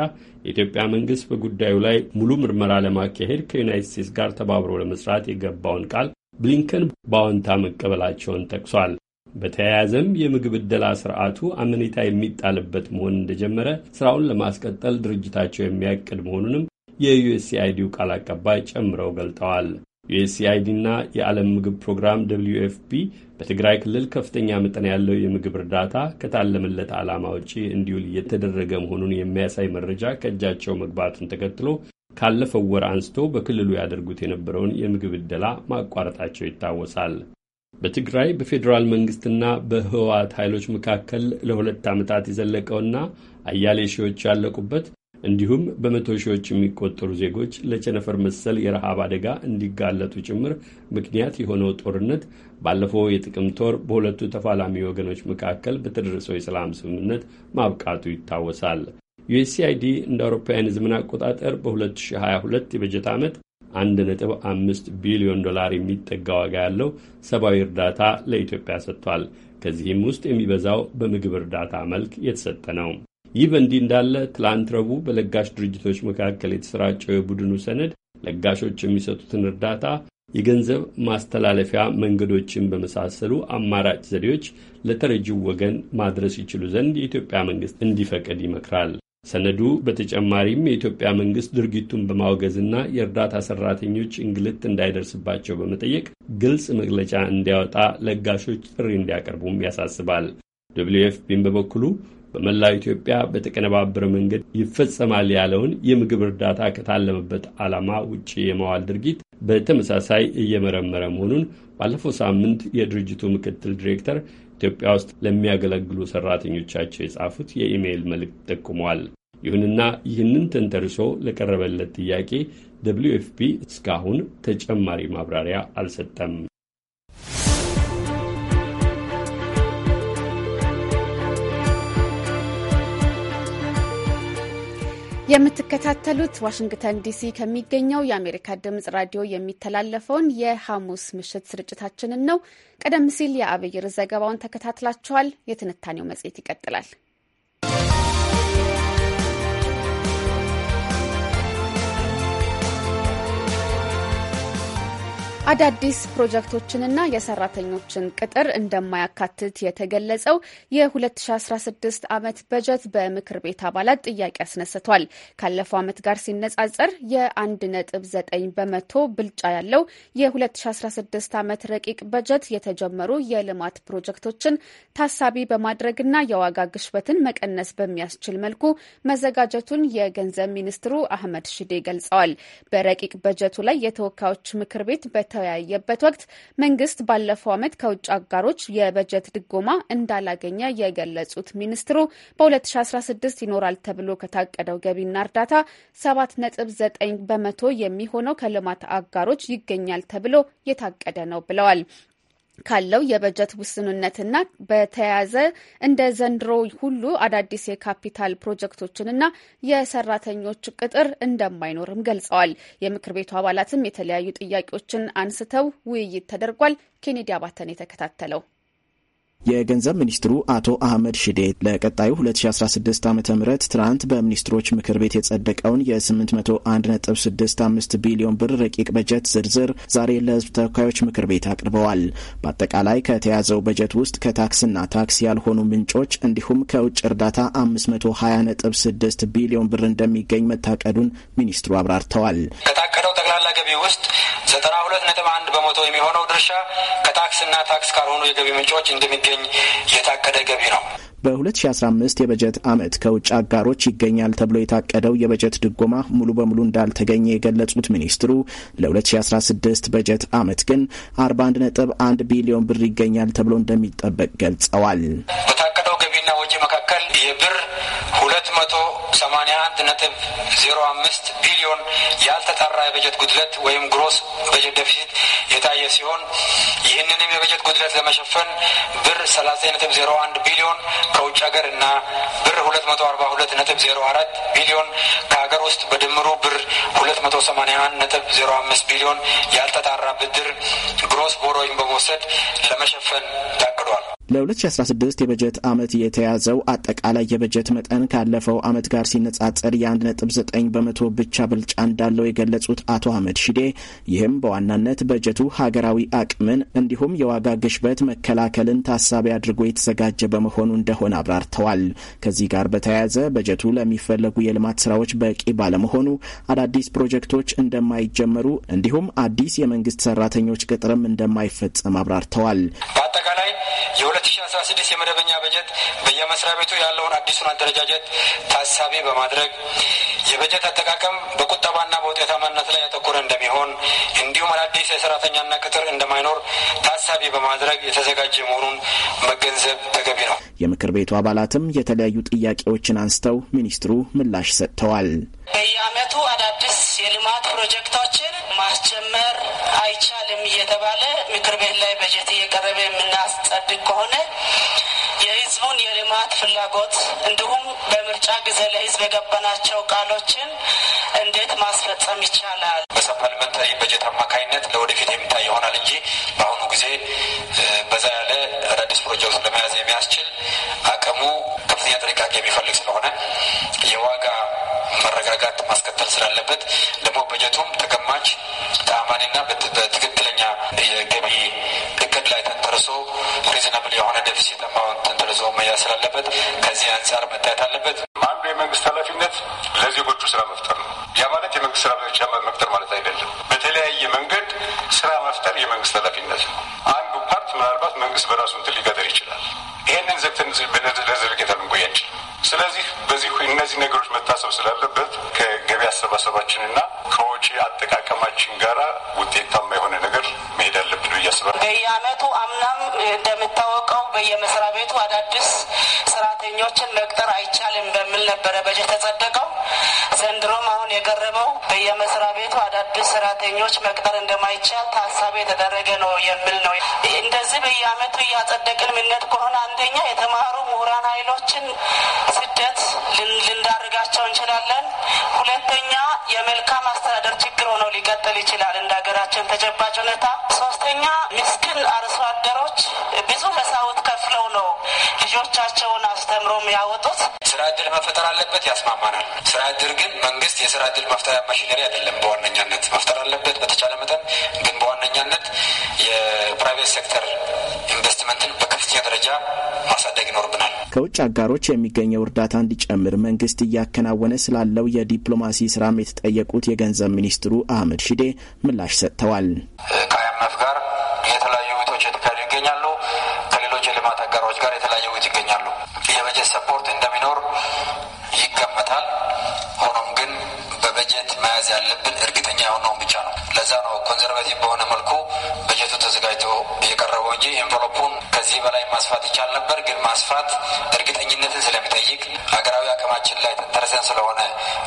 የኢትዮጵያ መንግሥት በጉዳዩ ላይ ሙሉ ምርመራ ለማካሄድ ከዩናይት ስቴትስ ጋር ተባብሮ ለመስራት የገባውን ቃል ብሊንከን በአዎንታ መቀበላቸውን ጠቅሷል። በተያያዘም የምግብ እደላ ስርዓቱ አመኔታ የሚጣልበት መሆን እንደጀመረ ስራውን ለማስቀጠል ድርጅታቸው የሚያቅድ መሆኑንም የዩኤስኤአይዲው ቃል አቀባይ ጨምረው ገልጠዋል። ዩኤስኤአይዲና የዓለም ምግብ ፕሮግራም ደብልዩ ኤፍ በትግራይ ክልል ከፍተኛ መጠን ያለው የምግብ እርዳታ ከታለመለት ዓላማ ውጪ እንዲውል እየተደረገ መሆኑን የሚያሳይ መረጃ ከእጃቸው መግባቱን ተከትሎ ካለፈው ወር አንስቶ በክልሉ ያደርጉት የነበረውን የምግብ ዕደላ ማቋረጣቸው ይታወሳል። በትግራይ በፌዴራል መንግስትና በህወሓት ኃይሎች መካከል ለሁለት ዓመታት የዘለቀውና አያሌ ሺዎች ያለቁበት እንዲሁም በመቶ ሺዎች የሚቆጠሩ ዜጎች ለቸነፈር መሰል የረሃብ አደጋ እንዲጋለጡ ጭምር ምክንያት የሆነው ጦርነት ባለፈው የጥቅምት ወር በሁለቱ ተፋላሚ ወገኖች መካከል በተደረሰው የሰላም ስምምነት ማብቃቱ ይታወሳል። ዩኤስአይዲ እንደ አውሮፓውያን ዘመን አቆጣጠር በ2022 የበጀት ዓመት 1.5 ቢሊዮን ዶላር የሚጠጋ ዋጋ ያለው ሰብአዊ እርዳታ ለኢትዮጵያ ሰጥቷል። ከዚህም ውስጥ የሚበዛው በምግብ እርዳታ መልክ የተሰጠ ነው። ይህ በእንዲህ እንዳለ ትላንት ረቡዕ በለጋሽ ድርጅቶች መካከል የተሰራጨው የቡድኑ ሰነድ ለጋሾች የሚሰጡትን እርዳታ የገንዘብ ማስተላለፊያ መንገዶችን በመሳሰሉ አማራጭ ዘዴዎች ለተረጂው ወገን ማድረስ ይችሉ ዘንድ የኢትዮጵያ መንግስት እንዲፈቅድ ይመክራል። ሰነዱ በተጨማሪም የኢትዮጵያ መንግስት ድርጊቱን በማውገዝና የእርዳታ ሰራተኞች እንግልት እንዳይደርስባቸው በመጠየቅ ግልጽ መግለጫ እንዲያወጣ ለጋሾች ጥሪ እንዲያቀርቡም ያሳስባል። ደብልዩ ኤፍ ፒን በበኩሉ በመላው ኢትዮጵያ በተቀነባበረ መንገድ ይፈጸማል ያለውን የምግብ እርዳታ ከታለመበት ዓላማ ውጭ የመዋል ድርጊት በተመሳሳይ እየመረመረ መሆኑን ባለፈው ሳምንት የድርጅቱ ምክትል ዲሬክተር ኢትዮጵያ ውስጥ ለሚያገለግሉ ሰራተኞቻቸው የጻፉት የኢሜይል መልእክት ጠቁመዋል። ይሁንና ይህንን ተንተርሶ ለቀረበለት ጥያቄ ደብሊዩ ኤፍ ፒ እስካሁን ተጨማሪ ማብራሪያ አልሰጠም። የምትከታተሉት ዋሽንግተን ዲሲ ከሚገኘው የአሜሪካ ድምጽ ራዲዮ የሚተላለፈውን የሐሙስ ምሽት ስርጭታችንን ነው። ቀደም ሲል የአብይር ዘገባውን ተከታትላችኋል። የትንታኔው መጽሔት ይቀጥላል። አዳዲስ ፕሮጀክቶችንና የሰራተኞችን ቅጥር እንደማያካትት የተገለጸው የ2016 ዓመት በጀት በምክር ቤት አባላት ጥያቄ አስነስቷል። ካለፈው ዓመት ጋር ሲነጻጸር የ1.9 በመቶ ብልጫ ያለው የ2016 ዓመት ረቂቅ በጀት የተጀመሩ የልማት ፕሮጀክቶችን ታሳቢ በማድረግና የዋጋ ግሽበትን መቀነስ በሚያስችል መልኩ መዘጋጀቱን የገንዘብ ሚኒስትሩ አህመድ ሽዴ ገልጸዋል። በረቂቅ በጀቱ ላይ የተወካዮች ምክር ቤት በተወያየበት ወቅት መንግስት ባለፈው ዓመት ከውጭ አጋሮች የበጀት ድጎማ እንዳላገኘ የገለጹት ሚኒስትሩ በ2016 ይኖራል ተብሎ ከታቀደው ገቢና እርዳታ 7.9 በመቶ የሚሆነው ከልማት አጋሮች ይገኛል ተብሎ የታቀደ ነው ብለዋል። ካለው የበጀት ውስንነትና በተያያዘ እንደ ዘንድሮ ሁሉ አዳዲስ የካፒታል ፕሮጀክቶችንና የሰራተኞች ቅጥር እንደማይኖርም ገልጸዋል። የምክር ቤቱ አባላትም የተለያዩ ጥያቄዎችን አንስተው ውይይት ተደርጓል። ኬኔዲ አባተን የተከታተለው የገንዘብ ሚኒስትሩ አቶ አህመድ ሽዴ ለቀጣዩ 2016 ዓ ም ትናንት በሚኒስትሮች ምክር ቤት የጸደቀውን የ 8165 ቢሊዮን ብር ረቂቅ በጀት ዝርዝር ዛሬ ለሕዝብ ተወካዮች ምክር ቤት አቅርበዋል። በአጠቃላይ ከተያዘው በጀት ውስጥ ከታክስና ታክስ ያልሆኑ ምንጮች እንዲሁም ከውጭ እርዳታ 520.6 ቢሊዮን ብር እንደሚገኝ መታቀዱን ሚኒስትሩ አብራርተዋል። ከታቀደው ጠቅላላ ገቢ ውስጥ 92.1 በመቶ የሚሆነው ድርሻ ከታክስና ታክስ ካልሆኑ የገቢ ምንጮች እንደሚ እንዲገኝ የታቀደ ገቢ ነው። በ2015 የበጀት ዓመት ከውጭ አጋሮች ይገኛል ተብሎ የታቀደው የበጀት ድጎማ ሙሉ በሙሉ እንዳልተገኘ የገለጹት ሚኒስትሩ ለ2016 በጀት ዓመት ግን 41.1 ቢሊዮን ብር ይገኛል ተብሎ እንደሚጠበቅ ገልጸዋል። በታቀደው ገቢና ወጪ መካከል የብር 280 አራት ነጥብ ዜሮ አምስት ቢሊዮን ያልተጣራ የበጀት ጉድለት ወይም ግሮስ በጀት ደፊሲት የታየ ሲሆን ይህንንም የበጀት ጉድለት ለመሸፈን ብር ሰላሳ ነጥብ ዜሮ አንድ ቢሊዮን ከውጭ ሀገር እና ብር ሁለት መቶ አርባ ሁለት ነጥብ ዜሮ አራት ቢሊዮን ከሀገር ውስጥ በድምሩ ብር ሁለት መቶ ሰማኒያ አንድ ነጥብ ዜሮ አምስት ቢሊዮን ያልተጣራ ብድር ግሮስ ቦሮይን በመውሰድ ለመሸፈን ታቅዷል። ለ2016 የበጀት ዓመት የተያዘው አጠቃላይ የበጀት መጠን ካለፈው ዓመት ጋር ሲነጻጸር የ1.9 በመቶ ብቻ ብልጫ እንዳለው የገለጹት አቶ አህመድ ሺዴ ይህም በዋናነት በጀቱ ሀገራዊ አቅምን እንዲሁም የዋጋ ግሽበት መከላከልን ታሳቢ አድርጎ የተዘጋጀ በመሆኑ እንደሆነ አብራርተዋል። ከዚህ ጋር በተያያዘ በጀቱ ለሚፈለጉ የልማት ስራዎች በቂ ባለመሆኑ አዳዲስ ፕሮጀክቶች እንደማይጀመሩ እንዲሁም አዲስ የመንግስት ሰራተኞች ቅጥርም እንደማይፈጸም አብራርተዋል። በአጠቃላይ የ2016 የመደበኛ በጀት በየመስሪያ ቤቱ ያለውን አዲሱን አደረጃጀት ታሳቢ በማድረግ የበጀት አጠቃቀም በቁጠባና በውጤታማነት ላይ ያተኮረ እንደሚሆን እንዲሁም አዳዲስ የሰራተኛና ቅጥር እንደማይኖር ታሳቢ በማድረግ የተዘጋጀ መሆኑን መገንዘብ ተገቢ ነው። የምክር ቤቱ አባላትም የተለያዩ ጥያቄዎችን አንስተው ሚኒስትሩ ምላሽ ሰጥተዋል። በየአመቱ አዳዲስ የልማት ፕሮጀክቶችን ማስጀመር አይቻልም እየተባለ ምክር ቤት ላይ በጀት እየቀረበ የምናስጸድቅ ከሆነ የህዝቡን የልማት ፍላጎት እንዲሁም በምርጫ ጊዜ ለህዝብ የገባናቸው ቃሎችን እንዴት ማስፈጸም ይቻላል? በሰፕሊመንታሪ በጀት አማካኝነት ለወደፊት የሚታይ ይሆናል እንጂ በአሁኑ ጊዜ በዛ ያለ አዳዲስ ፕሮጀክት ለመያዝ የሚያስችል አቅሙ ከፍተኛ ጥንቃቄ የሚፈልግ ስለሆነ የዋጋ መረጋጋት ማስከተል ስላለበት ደግሞ በጀቱም ተገማች ተአማኒና በትክክለኛ የገቢ እቅድ ላይ ተንተርሶ ሪዝናብል የሆነ ደፊሲት አማውንት ተንተርሶ መያዝ ስላለበት ከዚህ አንጻር መታየት አለበት። አንዱ የመንግስት ኃላፊነት ለዜጎቹ ስራ መፍጠር ነው። ያ ማለት የመንግስት ስራ ጨመር መፍጠር ማለት አይደለም። በተለያየ መንገድ ስራ መፍጠር የመንግስት ኃላፊነት ነው። አንዱ ፓርት ምናልባት መንግስት በራሱ እንትን ሊገጠር ይችላል። ይህንን ዘግተን ለዘልቄታ ወጪ። ስለዚህ በዚህ እነዚህ ነገሮች መታሰብ ስላለበት ከገቢ አሰባሰባችንና ከወጪ አጠቃቀማችን ጋር ውጤታማ የሆነ ነገር መሄድ አለብን ብዬ አስባለሁ። በየአመቱ አምናም እንደምታወቀው በየመስሪያ ቤቱ አዳዲስ ሰራተኞችን መቅጠር አይቻልም በሚል ነበረ በጀት ተጸደቀው። ዘንድሮም አሁን የቀረበው በየመስሪያ ቤቱ አዳዲስ ሰራተኞች መቅጠር እንደማይቻል ታሳቢ የተደረገ ነው የሚል ነው። እንደዚህ በየአመቱ እያጸደቅን ምነት ከሆነ አንደኛ የተማሩ ምሁራን ኃይሎችን ስደት ልንዳርጋቸው እንችላለን። ሁለተኛ የመልካም አስተዳደር ችግር ሆኖ ሊቀጥል ይችላል እንደ ሀገራችን ተጨባጭ ሁኔታ። ሶስተኛ ምስኪን አርሶ አደሮች ብዙ መሳውት ከፍለው ነው ልጆቻቸውን አስተምሮም ያወጡት። ስራ እድል መፈጠር አለበት፣ ያስማማናል። ስራ እድል ግን መንግስት የስራ እድል መፍጠሪያ ማሽነሪ አይደለም። በዋነኛነት መፍጠር አለበት በተቻለ መጠን ግን በዋነኛነት የፕራይቬት ሴክተር ኢንቨስትመንትን በከፍተኛ ደረጃ ማሳደግ ይኖርብናል። ከውጭ አጋሮች የሚገኘው እርዳታ እንዲጨምር መንግስት እያከናወነ ስላለው የዲፕሎማሲ ስራም የተጠየቁት የገንዘብ ሚኒስትሩ አህመድ ሺዴ ምላሽ ሰጥተዋል። ከአይኤምኤፍ ጋር የተለያዩ ውይይቶች የተካሄዱ ይገኛሉ። ከሌሎች የልማት አጋሮች ጋር የተለያዩ ውይይት ይገኛሉ። የበጀት ሰፖርት እንደሚኖር ይገመታል። መያዝ ያለብን እርግጠኛ የሆነውን ብቻ ነው። ለዛ ነው ኮንዘርቫቲቭ በሆነ መልኩ በጀቱ ተዘጋጅቶ የቀረበው እንጂ ኤንቨሎፑን ከዚህ በላይ ማስፋት ይቻል ነበር። ግን ማስፋት እርግጠኝነትን ስለሚጠይቅ ሀገራዊ አቅማችን ላይ ተንተርሰን ስለሆነ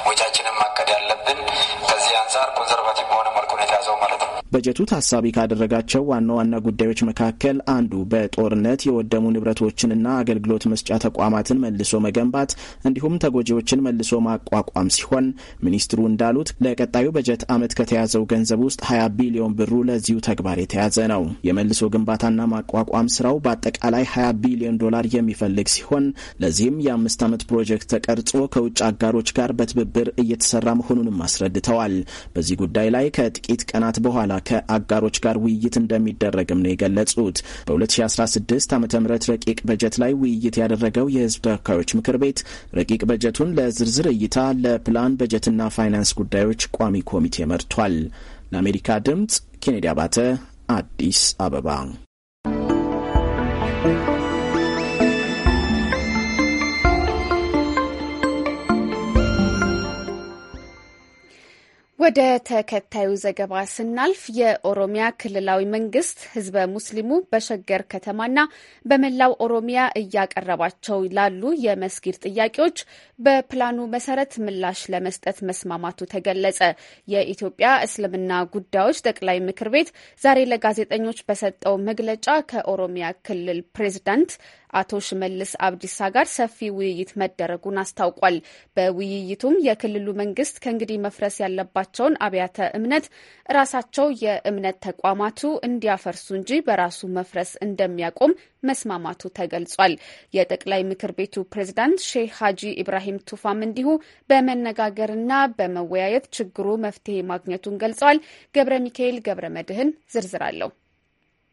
ወጫችንን ማቀድ ያለብን ከዚህ አንጻር ኮንዘርቫቲቭ በሆነ መልኩ ነው የተያዘው ማለት ነው። በጀቱ ታሳቢ ካደረጋቸው ዋና ዋና ጉዳዮች መካከል አንዱ በጦርነት የወደሙ ንብረቶችንና አገልግሎት መስጫ ተቋማትን መልሶ መገንባት እንዲሁም ተጎጂዎችን መልሶ ማቋቋም ሲሆን ሚኒስትሩ እንዳሉት ለቀጣዩ በጀት ዓመት ከተያዘው ገንዘብ ውስጥ 20 ቢሊዮን ብሩ ለዚሁ ተግባር የተያዘ ነው። የመልሶ ግንባታና ማቋቋም ስራው በአጠቃላይ 20 ቢሊዮን ዶላር የሚፈልግ ሲሆን ለዚህም የአምስት ዓመት ፕሮጀክት ተቀርጾ ከውጭ አጋሮች ጋር በትብብር እየተሰራ መሆኑንም አስረድተዋል። በዚህ ጉዳይ ላይ ከጥቂት ቀናት በኋላ ከአጋሮች ጋር ውይይት እንደሚደረግም ነው የገለጹት። በ2016 ዓ ም ረቂቅ በጀት ላይ ውይይት ያደረገው የህዝብ ተወካዮች ምክር ቤት ረቂቅ በጀቱን ለዝርዝር እይታ ለፕላን በጀትና ፋይናንስ ጉዳዮች ቋሚ ኮሚቴ መርቷል። ለአሜሪካ ድምፅ ኬኔዲ አባተ አዲስ አበባ ወደ ተከታዩ ዘገባ ስናልፍ የኦሮሚያ ክልላዊ መንግስት ህዝበ ሙስሊሙ በሸገር ከተማና በመላው ኦሮሚያ እያቀረባቸው ላሉ የመስጊድ ጥያቄዎች በፕላኑ መሰረት ምላሽ ለመስጠት መስማማቱ ተገለጸ። የኢትዮጵያ እስልምና ጉዳዮች ጠቅላይ ምክር ቤት ዛሬ ለጋዜጠኞች በሰጠው መግለጫ ከኦሮሚያ ክልል ፕሬዝዳንት አቶ ሽመልስ አብዲሳ ጋር ሰፊ ውይይት መደረጉን አስታውቋል። በውይይቱም የክልሉ መንግስት ከእንግዲህ መፍረስ ያለባቸውን አብያተ እምነት ራሳቸው የእምነት ተቋማቱ እንዲያፈርሱ እንጂ በራሱ መፍረስ እንደሚያቆም መስማማቱ ተገልጿል። የጠቅላይ ምክር ቤቱ ፕሬዝዳንት ሼህ ሀጂ ኢብራሂም ቱፋም እንዲሁ በመነጋገርና በመወያየት ችግሩ መፍትሄ ማግኘቱን ገልጸዋል። ገብረ ሚካኤል ገብረ መድህን ዝርዝር አለው።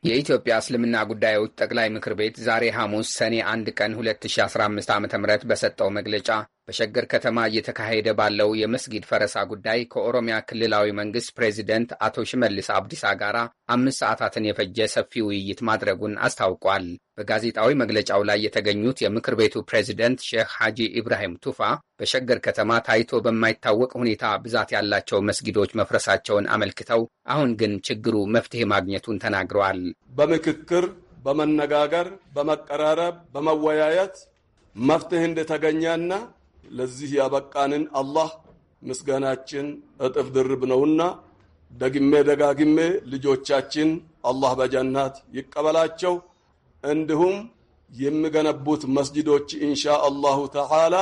የኢትዮጵያ እስልምና ጉዳዮች ጠቅላይ ምክር ቤት ዛሬ ሐሙስ ሰኔ 1 ቀን 2015 ዓ ም በሰጠው መግለጫ በሸገር ከተማ እየተካሄደ ባለው የመስጊድ ፈረሳ ጉዳይ ከኦሮሚያ ክልላዊ መንግስት ፕሬዚደንት አቶ ሽመልስ አብዲሳ ጋር አምስት ሰዓታትን የፈጀ ሰፊ ውይይት ማድረጉን አስታውቋል። በጋዜጣዊ መግለጫው ላይ የተገኙት የምክር ቤቱ ፕሬዚደንት ሼክ ሐጂ ኢብራሂም ቱፋ በሸገር ከተማ ታይቶ በማይታወቅ ሁኔታ ብዛት ያላቸው መስጊዶች መፍረሳቸውን አመልክተው አሁን ግን ችግሩ መፍትሄ ማግኘቱን ተናግረዋል። በምክክር፣ በመነጋገር፣ በመቀራረብ፣ በመወያየት መፍትሄ እንደተገኘና ለዚህ ያበቃንን አላህ ምስጋናችን እጥፍ ድርብ ነውና ደግሜ ደጋግሜ ልጆቻችን አላህ በጀናት ይቀበላቸው። እንዲሁም የሚገነቡት መስጂዶች ኢንሻ አላሁ ተዓላ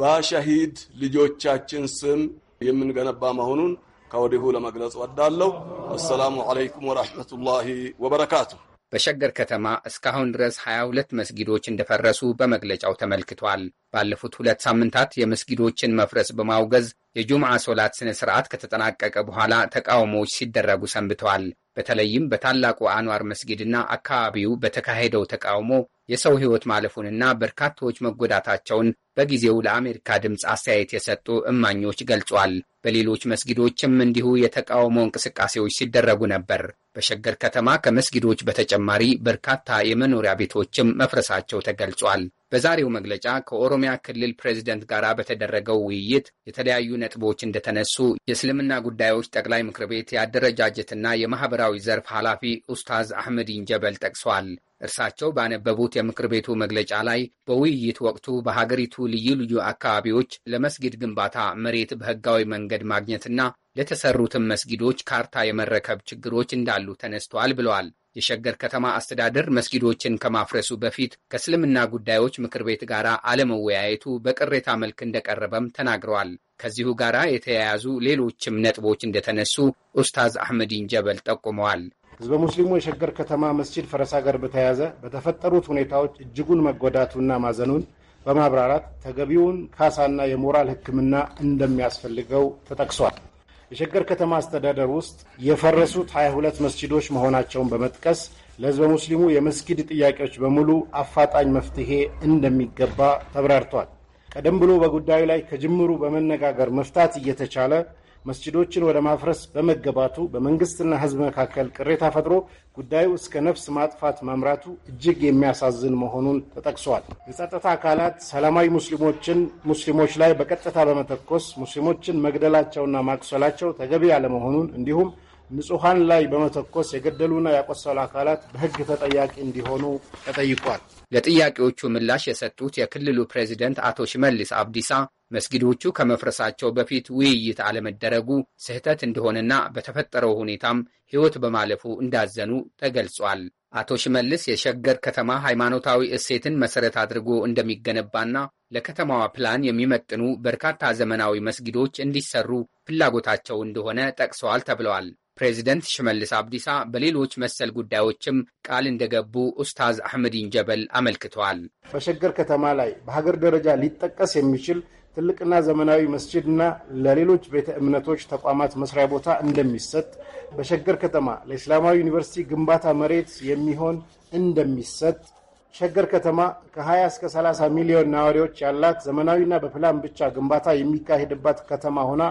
በሸሂድ ልጆቻችን ስም የምንገነባ መሆኑን ከወዲሁ ለመግለጽ ወዳለሁ። አሰላሙ አለይኩም ወራህመቱላሂ ወበረካቱ። በሸገር ከተማ እስካሁን ድረስ 22 መስጊዶች እንደፈረሱ በመግለጫው ተመልክቷል። ባለፉት ሁለት ሳምንታት የመስጊዶችን መፍረስ በማውገዝ የጁምዓ ሶላት ስነ ስርዓት ከተጠናቀቀ በኋላ ተቃውሞዎች ሲደረጉ ሰንብተዋል። በተለይም በታላቁ አንዋር መስጊድና አካባቢው በተካሄደው ተቃውሞ የሰው ሕይወት ማለፉንና በርካታዎች መጎዳታቸውን በጊዜው ለአሜሪካ ድምፅ አስተያየት የሰጡ እማኞች ገልጿል። በሌሎች መስጊዶችም እንዲሁ የተቃውሞ እንቅስቃሴዎች ሲደረጉ ነበር። በሸገር ከተማ ከመስጊዶች በተጨማሪ በርካታ የመኖሪያ ቤቶችም መፍረሳቸው ተገልጿል። በዛሬው መግለጫ ከኦሮሚያ ክልል ፕሬዚደንት ጋር በተደረገው ውይይት የተለያዩ ነጥቦች እንደተነሱ የእስልምና ጉዳዮች ጠቅላይ ምክር ቤት የአደረጃጀትና የማህበራዊ ዘርፍ ኃላፊ ኡስታዝ አሕመዲን ጀበል ጠቅሷል። እርሳቸው ባነበቡት የምክር ቤቱ መግለጫ ላይ በውይይት ወቅቱ በሀገሪቱ ልዩ ልዩ አካባቢዎች ለመስጊድ ግንባታ መሬት በህጋዊ መንገድ ማግኘትና ለተሰሩትም መስጊዶች ካርታ የመረከብ ችግሮች እንዳሉ ተነስተዋል ብለዋል። የሸገር ከተማ አስተዳደር መስጊዶችን ከማፍረሱ በፊት ከእስልምና ጉዳዮች ምክር ቤት ጋር አለመወያየቱ በቅሬታ መልክ እንደቀረበም ተናግረዋል። ከዚሁ ጋር የተያያዙ ሌሎችም ነጥቦች እንደተነሱ ኡስታዝ አሕመዲን ጀበል ጠቁመዋል። ህዝበ ሙስሊሙ የሸገር ከተማ መስጂድ ፈረሳ ጋር በተያያዘ በተፈጠሩት ሁኔታዎች እጅጉን መጎዳቱና ማዘኑን በማብራራት ተገቢውን ካሳና የሞራል ሕክምና እንደሚያስፈልገው ተጠቅሷል። የሸገር ከተማ አስተዳደር ውስጥ የፈረሱት 22 መስጂዶች መሆናቸውን በመጥቀስ ለህዝበ ሙስሊሙ የመስጊድ ጥያቄዎች በሙሉ አፋጣኝ መፍትሄ እንደሚገባ ተብራርቷል። ቀደም ብሎ በጉዳዩ ላይ ከጅምሩ በመነጋገር መፍታት እየተቻለ መስጅዶችን ወደ ማፍረስ በመገባቱ በመንግስትና ህዝብ መካከል ቅሬታ ፈጥሮ ጉዳዩ እስከ ነፍስ ማጥፋት ማምራቱ እጅግ የሚያሳዝን መሆኑን ተጠቅሷል። የጸጥታ አካላት ሰላማዊ ሙስሊሞችን ሙስሊሞች ላይ በቀጥታ በመተኮስ ሙስሊሞችን መግደላቸውና ማቁሰላቸው ተገቢ ያለመሆኑን እንዲሁም ንጹሐን ላይ በመተኮስ የገደሉና ያቆሰሉ አካላት በህግ ተጠያቂ እንዲሆኑ ተጠይቋል። ለጥያቄዎቹ ምላሽ የሰጡት የክልሉ ፕሬዚደንት አቶ ሽመልስ አብዲሳ መስጊዶቹ ከመፍረሳቸው በፊት ውይይት አለመደረጉ ስህተት እንደሆነና በተፈጠረው ሁኔታም ሕይወት በማለፉ እንዳዘኑ ተገልጿል። አቶ ሽመልስ የሸገር ከተማ ሃይማኖታዊ እሴትን መሰረት አድርጎ እንደሚገነባና ለከተማዋ ፕላን የሚመጥኑ በርካታ ዘመናዊ መስጊዶች እንዲሰሩ ፍላጎታቸው እንደሆነ ጠቅሰዋል ተብለዋል። ፕሬዚደንት ሽመልስ አብዲሳ በሌሎች መሰል ጉዳዮችም ቃል እንደገቡ ኡስታዝ አሕመዲን ጀበል አመልክተዋል። በሸገር ከተማ ላይ በሀገር ደረጃ ሊጠቀስ የሚችል ትልቅና ዘመናዊ መስጅድና ለሌሎች ቤተ እምነቶች ተቋማት መስሪያ ቦታ እንደሚሰጥ፣ በሸገር ከተማ ለእስላማዊ ዩኒቨርሲቲ ግንባታ መሬት የሚሆን እንደሚሰጥ፣ ሸገር ከተማ ከ20 እስከ 30 ሚሊዮን ነዋሪዎች ያላት ዘመናዊና በፕላን ብቻ ግንባታ የሚካሄድባት ከተማ ሆና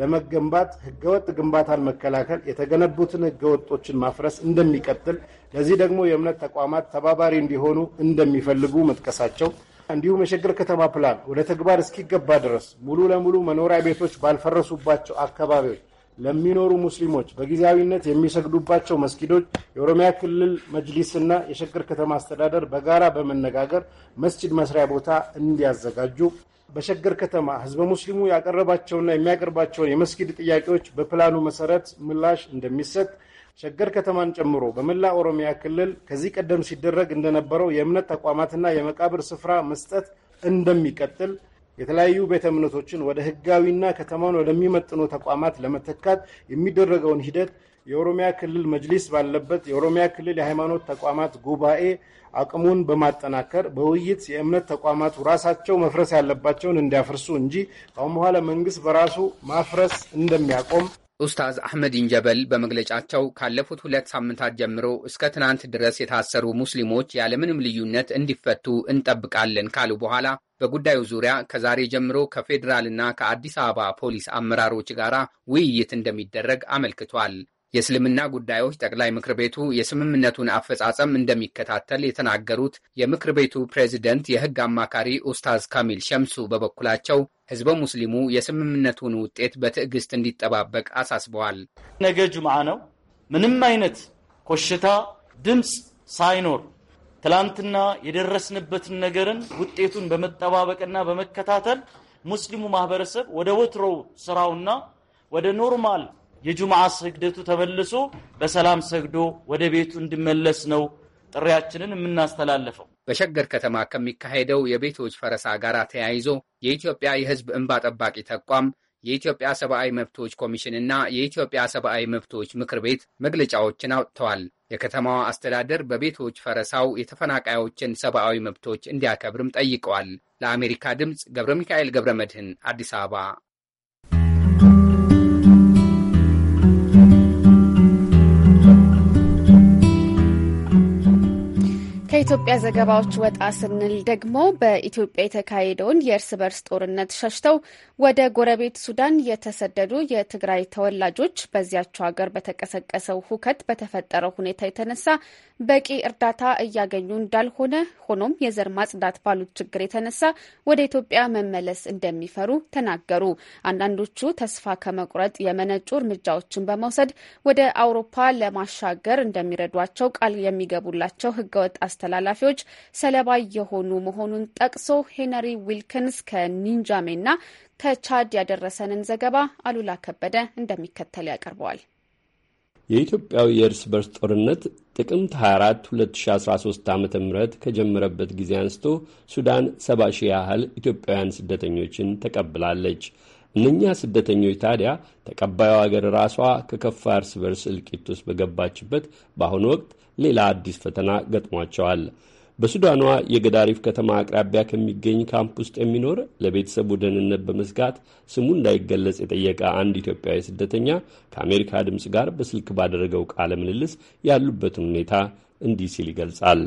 ለመገንባት ህገወጥ ግንባታን መከላከል፣ የተገነቡትን ህገወጦችን ማፍረስ እንደሚቀጥል፣ ለዚህ ደግሞ የእምነት ተቋማት ተባባሪ እንዲሆኑ እንደሚፈልጉ መጥቀሳቸው እንዲሁም የሸገር ከተማ ፕላን ወደ ተግባር እስኪገባ ድረስ ሙሉ ለሙሉ መኖሪያ ቤቶች ባልፈረሱባቸው አካባቢዎች ለሚኖሩ ሙስሊሞች በጊዜያዊነት የሚሰግዱባቸው መስጊዶች የኦሮሚያ ክልል መጅሊስና የሸገር ከተማ አስተዳደር በጋራ በመነጋገር መስጅድ መስሪያ ቦታ እንዲያዘጋጁ በሸገር ከተማ ህዝበ ሙስሊሙ ያቀረባቸውና የሚያቀርባቸውን የመስጊድ ጥያቄዎች በፕላኑ መሰረት ምላሽ እንደሚሰጥ ሸገር ከተማን ጨምሮ በመላ ኦሮሚያ ክልል ከዚህ ቀደም ሲደረግ እንደነበረው የእምነት ተቋማትና የመቃብር ስፍራ መስጠት እንደሚቀጥል የተለያዩ ቤተ እምነቶችን ወደ ህጋዊና ከተማን ወደሚመጥኑ ተቋማት ለመተካት የሚደረገውን ሂደት የኦሮሚያ ክልል መጅሊስ ባለበት የኦሮሚያ ክልል የሃይማኖት ተቋማት ጉባኤ አቅሙን በማጠናከር በውይይት የእምነት ተቋማቱ ራሳቸው መፍረስ ያለባቸውን እንዲያፈርሱ እንጂ ከአሁን በኋላ መንግስት በራሱ ማፍረስ እንደሚያቆም ኡስታዝ አህመድ ኢንጀበል በመግለጫቸው ካለፉት ሁለት ሳምንታት ጀምሮ እስከ ትናንት ድረስ የታሰሩ ሙስሊሞች ያለምንም ልዩነት እንዲፈቱ እንጠብቃለን ካሉ በኋላ በጉዳዩ ዙሪያ ከዛሬ ጀምሮ ከፌዴራልና ከአዲስ አበባ ፖሊስ አመራሮች ጋር ውይይት እንደሚደረግ አመልክቷል። የእስልምና ጉዳዮች ጠቅላይ ምክር ቤቱ የስምምነቱን አፈጻጸም እንደሚከታተል የተናገሩት የምክር ቤቱ ፕሬዚደንት የሕግ አማካሪ ኡስታዝ ካሚል ሸምሱ በበኩላቸው ህዝበ ሙስሊሙ የስምምነቱን ውጤት በትዕግስት እንዲጠባበቅ አሳስበዋል። ነገ ጁምዓ ነው። ምንም አይነት ኮሽታ ድምፅ ሳይኖር ትላንትና የደረስንበትን ነገርን ውጤቱን በመጠባበቅና በመከታተል ሙስሊሙ ማህበረሰብ ወደ ወትሮው ስራውና ወደ ኖርማል የጁምዓ ስግደቱ ተመልሶ በሰላም ሰግዶ ወደ ቤቱ እንዲመለስ ነው ጥሪያችንን የምናስተላለፈው። በሸገር ከተማ ከሚካሄደው የቤቶች ፈረሳ ጋር ተያይዞ የኢትዮጵያ የሕዝብ እንባ ጠባቂ ተቋም የኢትዮጵያ ሰብአዊ መብቶች ኮሚሽን ና የኢትዮጵያ ሰብአዊ መብቶች ምክር ቤት መግለጫዎችን አውጥተዋል። የከተማዋ አስተዳደር በቤቶች ፈረሳው የተፈናቃዮችን ሰብአዊ መብቶች እንዲያከብርም ጠይቀዋል። ለአሜሪካ ድምፅ ገብረ ሚካኤል ገብረ መድህን አዲስ አበባ ከኢትዮጵያ ዘገባዎች ወጣ ስንል ደግሞ በኢትዮጵያ የተካሄደውን የእርስ በርስ ጦርነት ሸሽተው ወደ ጎረቤት ሱዳን የተሰደዱ የትግራይ ተወላጆች በዚያቸው ሀገር በተቀሰቀሰው ሁከት በተፈጠረው ሁኔታ የተነሳ በቂ እርዳታ እያገኙ እንዳልሆነ፣ ሆኖም የዘር ማጽዳት ባሉት ችግር የተነሳ ወደ ኢትዮጵያ መመለስ እንደሚፈሩ ተናገሩ። አንዳንዶቹ ተስፋ ከመቁረጥ የመነጩ እርምጃዎችን በመውሰድ ወደ አውሮፓ ለማሻገር እንደሚረዷቸው ቃል የሚገቡላቸው ህገወጥ አስተ አስተላላፊዎች ሰለባ የሆኑ መሆኑን ጠቅሶ ሄነሪ ዊልኪንስ ከኒንጃሜና ከቻድ ያደረሰንን ዘገባ አሉላ ከበደ እንደሚከተል ያቀርበዋል። የኢትዮጵያው የእርስ በርስ ጦርነት ጥቅምት 24 2013 ዓ ም ከጀመረበት ጊዜ አንስቶ ሱዳን 70 ሺህ ያህል ኢትዮጵያውያን ስደተኞችን ተቀብላለች። እነኛ ስደተኞች ታዲያ ተቀባዩ አገር ራሷ ከከፋ እርስ በርስ እልቂት ውስጥ በገባችበት በአሁኑ ወቅት ሌላ አዲስ ፈተና ገጥሟቸዋል። በሱዳኗ የገዳሪፍ ከተማ አቅራቢያ ከሚገኝ ካምፕ ውስጥ የሚኖር ለቤተሰቡ ደህንነት በመስጋት ስሙ እንዳይገለጽ የጠየቀ አንድ ኢትዮጵያዊ ስደተኛ ከአሜሪካ ድምፅ ጋር በስልክ ባደረገው ቃለ ምልልስ ያሉበትን ሁኔታ እንዲህ ሲል ይገልጻል።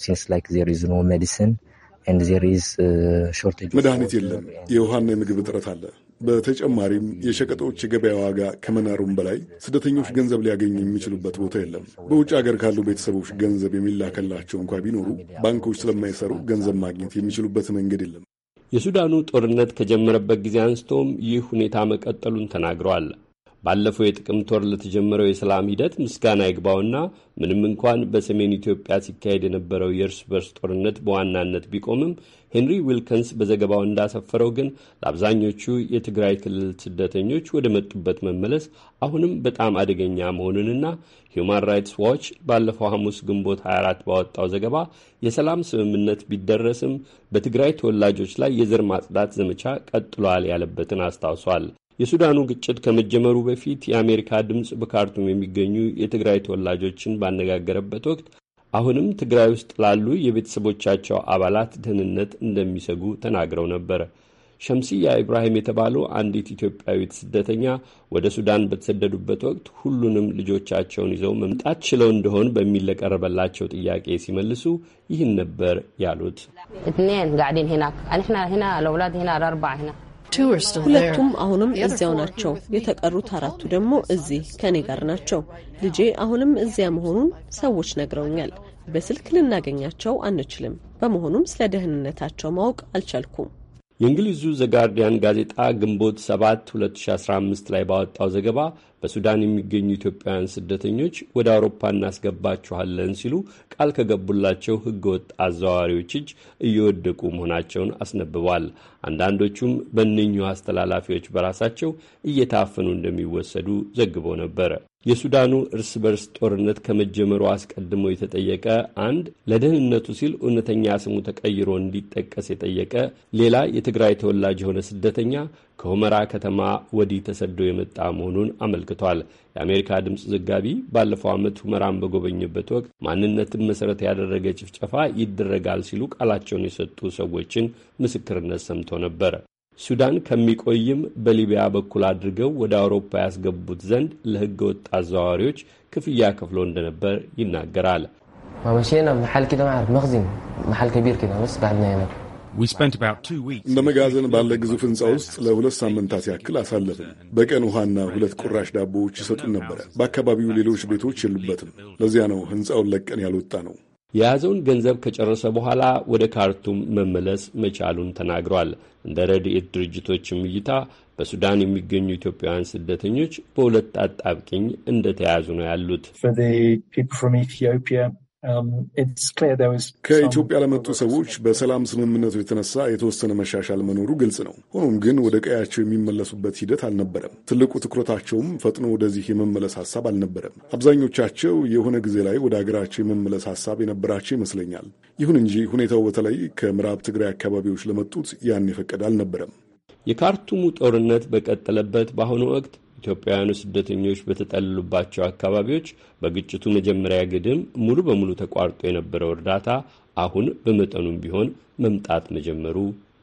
ሲንስ ላይክ ዜር ኢዝ ኖ ሜዲሲን Uh, መድኃኒት የለም። የውሃና የምግብ እጥረት አለ። በተጨማሪም የሸቀጦች የገበያ ዋጋ ከመናሩም በላይ ስደተኞች ገንዘብ ሊያገኙ የሚችሉበት ቦታ የለም። በውጭ ሀገር ካሉ ቤተሰቦች ገንዘብ የሚላከላቸው እንኳ ቢኖሩ ባንኮች ስለማይሰሩ ገንዘብ ማግኘት የሚችሉበት መንገድ የለም። የሱዳኑ ጦርነት ከጀመረበት ጊዜ አንስቶም ይህ ሁኔታ መቀጠሉን ተናግረዋል። ባለፈው የጥቅምት ወር ለተጀመረው የሰላም ሂደት ምስጋና ይግባውና ምንም እንኳን በሰሜን ኢትዮጵያ ሲካሄድ የነበረው የእርስ በርስ ጦርነት በዋናነት ቢቆምም ሄንሪ ዊልከንስ በዘገባው እንዳሰፈረው ግን ለአብዛኞቹ የትግራይ ክልል ስደተኞች ወደ መጡበት መመለስ አሁንም በጣም አደገኛ መሆኑንና ሂውማን ራይትስ ዋች ባለፈው ሐሙስ ግንቦት 24 ባወጣው ዘገባ የሰላም ስምምነት ቢደረስም በትግራይ ተወላጆች ላይ የዘር ማጽዳት ዘመቻ ቀጥሏል ያለበትን አስታውሷል። የሱዳኑ ግጭት ከመጀመሩ በፊት የአሜሪካ ድምፅ በካርቱም የሚገኙ የትግራይ ተወላጆችን ባነጋገረበት ወቅት አሁንም ትግራይ ውስጥ ላሉ የቤተሰቦቻቸው አባላት ደህንነት እንደሚሰጉ ተናግረው ነበር። ሸምስያ ኢብራሂም የተባሉ አንዲት ኢትዮጵያዊት ስደተኛ ወደ ሱዳን በተሰደዱበት ወቅት ሁሉንም ልጆቻቸውን ይዘው መምጣት ችለው እንደሆን በሚል ለቀረበላቸው ጥያቄ ሲመልሱ ይህን ነበር ያሉት። ሁለቱም አሁንም እዚያው ናቸው። የተቀሩት አራቱ ደግሞ እዚህ ከኔ ጋር ናቸው። ልጄ አሁንም እዚያ መሆኑን ሰዎች ነግረውኛል። በስልክ ልናገኛቸው አንችልም። በመሆኑም ስለ ደህንነታቸው ማወቅ አልቻልኩም። የእንግሊዙ ዘጋርዲያን ጋዜጣ ግንቦት 7 2015 ላይ ባወጣው ዘገባ በሱዳን የሚገኙ ኢትዮጵያውያን ስደተኞች ወደ አውሮፓ እናስገባችኋለን ሲሉ ቃል ከገቡላቸው ህገወጥ አዘዋዋሪዎች እጅ እየወደቁ መሆናቸውን አስነብቧል። አንዳንዶቹም በእነኙ አስተላላፊዎች በራሳቸው እየታፈኑ እንደሚወሰዱ ዘግቦ ነበር። የሱዳኑ እርስ በርስ ጦርነት ከመጀመሩ አስቀድሞ የተጠየቀ አንድ፣ ለደህንነቱ ሲል እውነተኛ ስሙ ተቀይሮ እንዲጠቀስ የጠየቀ ሌላ የትግራይ ተወላጅ የሆነ ስደተኛ ከሁመራ ከተማ ወዲህ ተሰዶ የመጣ መሆኑን አመልክቷል። የአሜሪካ ድምፅ ዘጋቢ ባለፈው ዓመት ሁመራን በጎበኝበት ወቅት ማንነትን መሠረት ያደረገ ጭፍጨፋ ይደረጋል ሲሉ ቃላቸውን የሰጡ ሰዎችን ምስክርነት ሰምቶ ነበር። ሱዳን ከሚቆይም በሊቢያ በኩል አድርገው ወደ አውሮፓ ያስገቡት ዘንድ ለሕገ ወጥ አዘዋዋሪዎች ክፍያ ከፍሎ እንደነበር ይናገራል። እንደ መጋዘን ባለ ግዙፍ ህንፃ ውስጥ ለሁለት ሳምንታት ያክል አሳለፍን። በቀን ውሃና ሁለት ቁራሽ ዳቦዎች ይሰጡን ነበረ። በአካባቢው ሌሎች ቤቶች የሉበትም። ለዚያ ነው ህንፃውን ለቀን ያልወጣ ነው። የያዘውን ገንዘብ ከጨረሰ በኋላ ወደ ካርቱም መመለስ መቻሉን ተናግሯል። እንደ ረድኤት ድርጅቶችም እይታ በሱዳን የሚገኙ ኢትዮጵያውያን ስደተኞች በሁለት አጣብቅኝ እንደተያዙ ነው ያሉት። Um, ከኢትዮጵያ ለመጡ ሰዎች በሰላም ስምምነቱ የተነሳ የተወሰነ መሻሻል መኖሩ ግልጽ ነው። ሆኖም ግን ወደ ቀያቸው የሚመለሱበት ሂደት አልነበረም። ትልቁ ትኩረታቸውም ፈጥኖ ወደዚህ የመመለስ ሀሳብ አልነበረም። አብዛኞቻቸው የሆነ ጊዜ ላይ ወደ ሀገራቸው የመመለስ ሀሳብ የነበራቸው ይመስለኛል። ይሁን እንጂ ሁኔታው በተለይ ከምዕራብ ትግራይ አካባቢዎች ለመጡት ያን የፈቀደ አልነበረም። የካርቱሙ ጦርነት በቀጠለበት በአሁኑ ወቅት ኢትዮጵያውያኑ ስደተኞች በተጠለሉባቸው አካባቢዎች በግጭቱ መጀመሪያ ግድም ሙሉ በሙሉ ተቋርጦ የነበረው እርዳታ አሁን በመጠኑም ቢሆን መምጣት መጀመሩ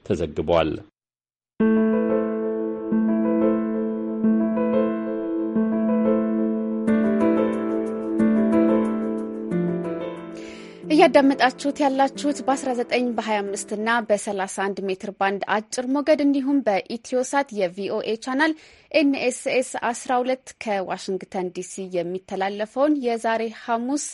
ተዘግቧል። እያዳመጣችሁት ያላችሁት በ19 በ25 እና በ31 ሜትር ባንድ አጭር ሞገድ እንዲሁም በኢትዮሳት የቪኦኤ ቻናል ኤንኤስኤስ 12 ከዋሽንግተን ዲሲ የሚተላለፈውን የዛሬ ሐሙስ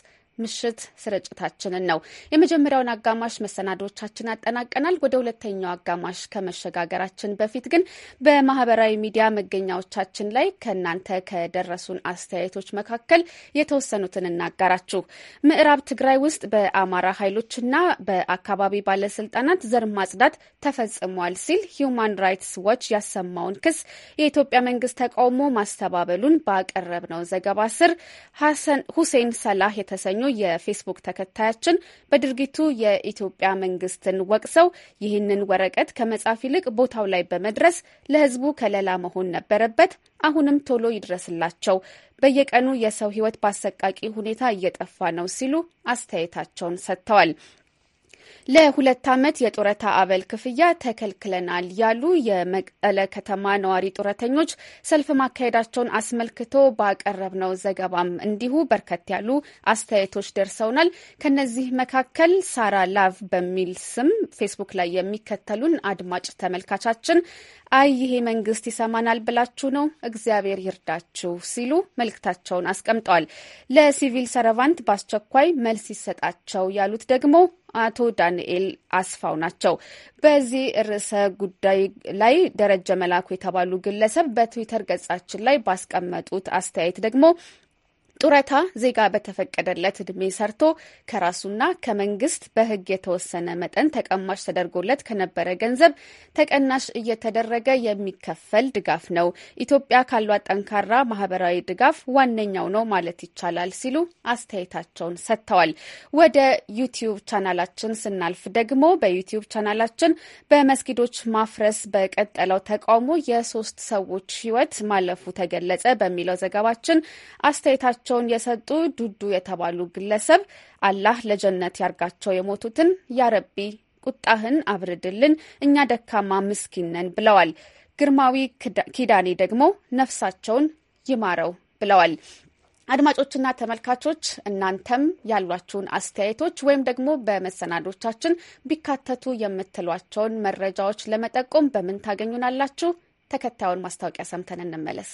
ምሽት ስርጭታችንን ነው። የመጀመሪያውን አጋማሽ መሰናዶቻችን አጠናቀናል። ወደ ሁለተኛው አጋማሽ ከመሸጋገራችን በፊት ግን በማህበራዊ ሚዲያ መገኛዎቻችን ላይ ከእናንተ ከደረሱን አስተያየቶች መካከል የተወሰኑትን እናጋራችሁ። ምዕራብ ትግራይ ውስጥ በአማራ ኃይሎችና በአካባቢ ባለስልጣናት ዘር ማጽዳት ተፈጽሟል ሲል ሂዩማን ራይትስ ዎች ያሰማውን ክስ የኢትዮጵያ መንግስት ተቃውሞ ማስተባበሉን ባቀረብነው ዘገባ ስር ሁሴን ሰላህ የተሰኙ የፌስቡክ ተከታያችን በድርጊቱ የኢትዮጵያ መንግስትን ወቅሰው ይህንን ወረቀት ከመጻፍ ይልቅ ቦታው ላይ በመድረስ ለህዝቡ ከለላ መሆን ነበረበት። አሁንም ቶሎ ይድረስላቸው። በየቀኑ የሰው ህይወት በአሰቃቂ ሁኔታ እየጠፋ ነው ሲሉ አስተያየታቸውን ሰጥተዋል። ለሁለት ዓመት የጡረታ አበል ክፍያ ተከልክለናል ያሉ የመቀለ ከተማ ነዋሪ ጡረተኞች ሰልፍ ማካሄዳቸውን አስመልክቶ ባቀረብነው ዘገባም እንዲሁ በርከት ያሉ አስተያየቶች ደርሰውናል። ከነዚህ መካከል ሳራ ላቭ በሚል ስም ፌስቡክ ላይ የሚከተሉን አድማጭ ተመልካቻችን አይ ይሄ መንግስት ይሰማናል ብላችሁ ነው እግዚአብሔር ይርዳችሁ ሲሉ መልእክታቸውን አስቀምጠዋል። ለሲቪል ሰረቫንት በአስቸኳይ መልስ ይሰጣቸው ያሉት ደግሞ አቶ ዳንኤል አስፋው ናቸው። በዚህ ርዕሰ ጉዳይ ላይ ደረጀ መላኩ የተባሉ ግለሰብ በትዊተር ገጻችን ላይ ባስቀመጡት አስተያየት ደግሞ ጡረታ ዜጋ በተፈቀደለት እድሜ ሰርቶ ከራሱና ከመንግስት በህግ የተወሰነ መጠን ተቀማሽ ተደርጎለት ከነበረ ገንዘብ ተቀናሽ እየተደረገ የሚከፈል ድጋፍ ነው። ኢትዮጵያ ካሏት ጠንካራ ማህበራዊ ድጋፍ ዋነኛው ነው ማለት ይቻላል ሲሉ አስተያየታቸውን ሰጥተዋል። ወደ ዩቲዩብ ቻናላችን ስናልፍ ደግሞ በዩቲዩብ ቻናላችን በመስጊዶች ማፍረስ በቀጠለው ተቃውሞ የሶስት ሰዎች ህይወት ማለፉ ተገለጸ በሚለው ዘገባችን አስተያየታ እጃቸውን የሰጡ ዱዱ የተባሉ ግለሰብ አላህ ለጀነት ያርጋቸው የሞቱትን ያረቢ ቁጣህን አብርድልን እኛ ደካማ ምስኪን ነን ብለዋል። ግርማዊ ኪዳኔ ደግሞ ነፍሳቸውን ይማረው ብለዋል። አድማጮችና ተመልካቾች እናንተም ያሏችሁን አስተያየቶች ወይም ደግሞ በመሰናዶቻችን ቢካተቱ የምትሏቸውን መረጃዎች ለመጠቆም በምን ታገኙናላችሁ? ተከታዩን ማስታወቂያ ሰምተን እንመለስ።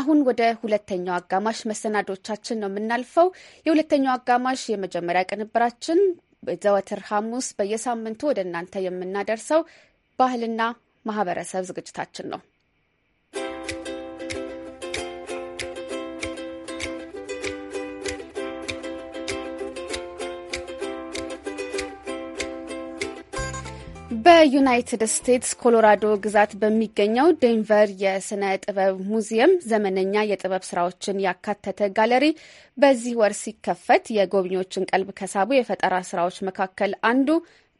አሁን ወደ ሁለተኛው አጋማሽ መሰናዶቻችን ነው የምናልፈው። የሁለተኛው አጋማሽ የመጀመሪያ ቅንብራችን ዘወትር ሐሙስ በየሳምንቱ ወደ እናንተ የምናደርሰው ባህልና ማህበረሰብ ዝግጅታችን ነው። በዩናይትድ ስቴትስ ኮሎራዶ ግዛት በሚገኘው ዴንቨር የስነ ጥበብ ሙዚየም ዘመነኛ የጥበብ ስራዎችን ያካተተ ጋለሪ በዚህ ወር ሲከፈት የጎብኚዎችን ቀልብ ከሳቡ የፈጠራ ስራዎች መካከል አንዱ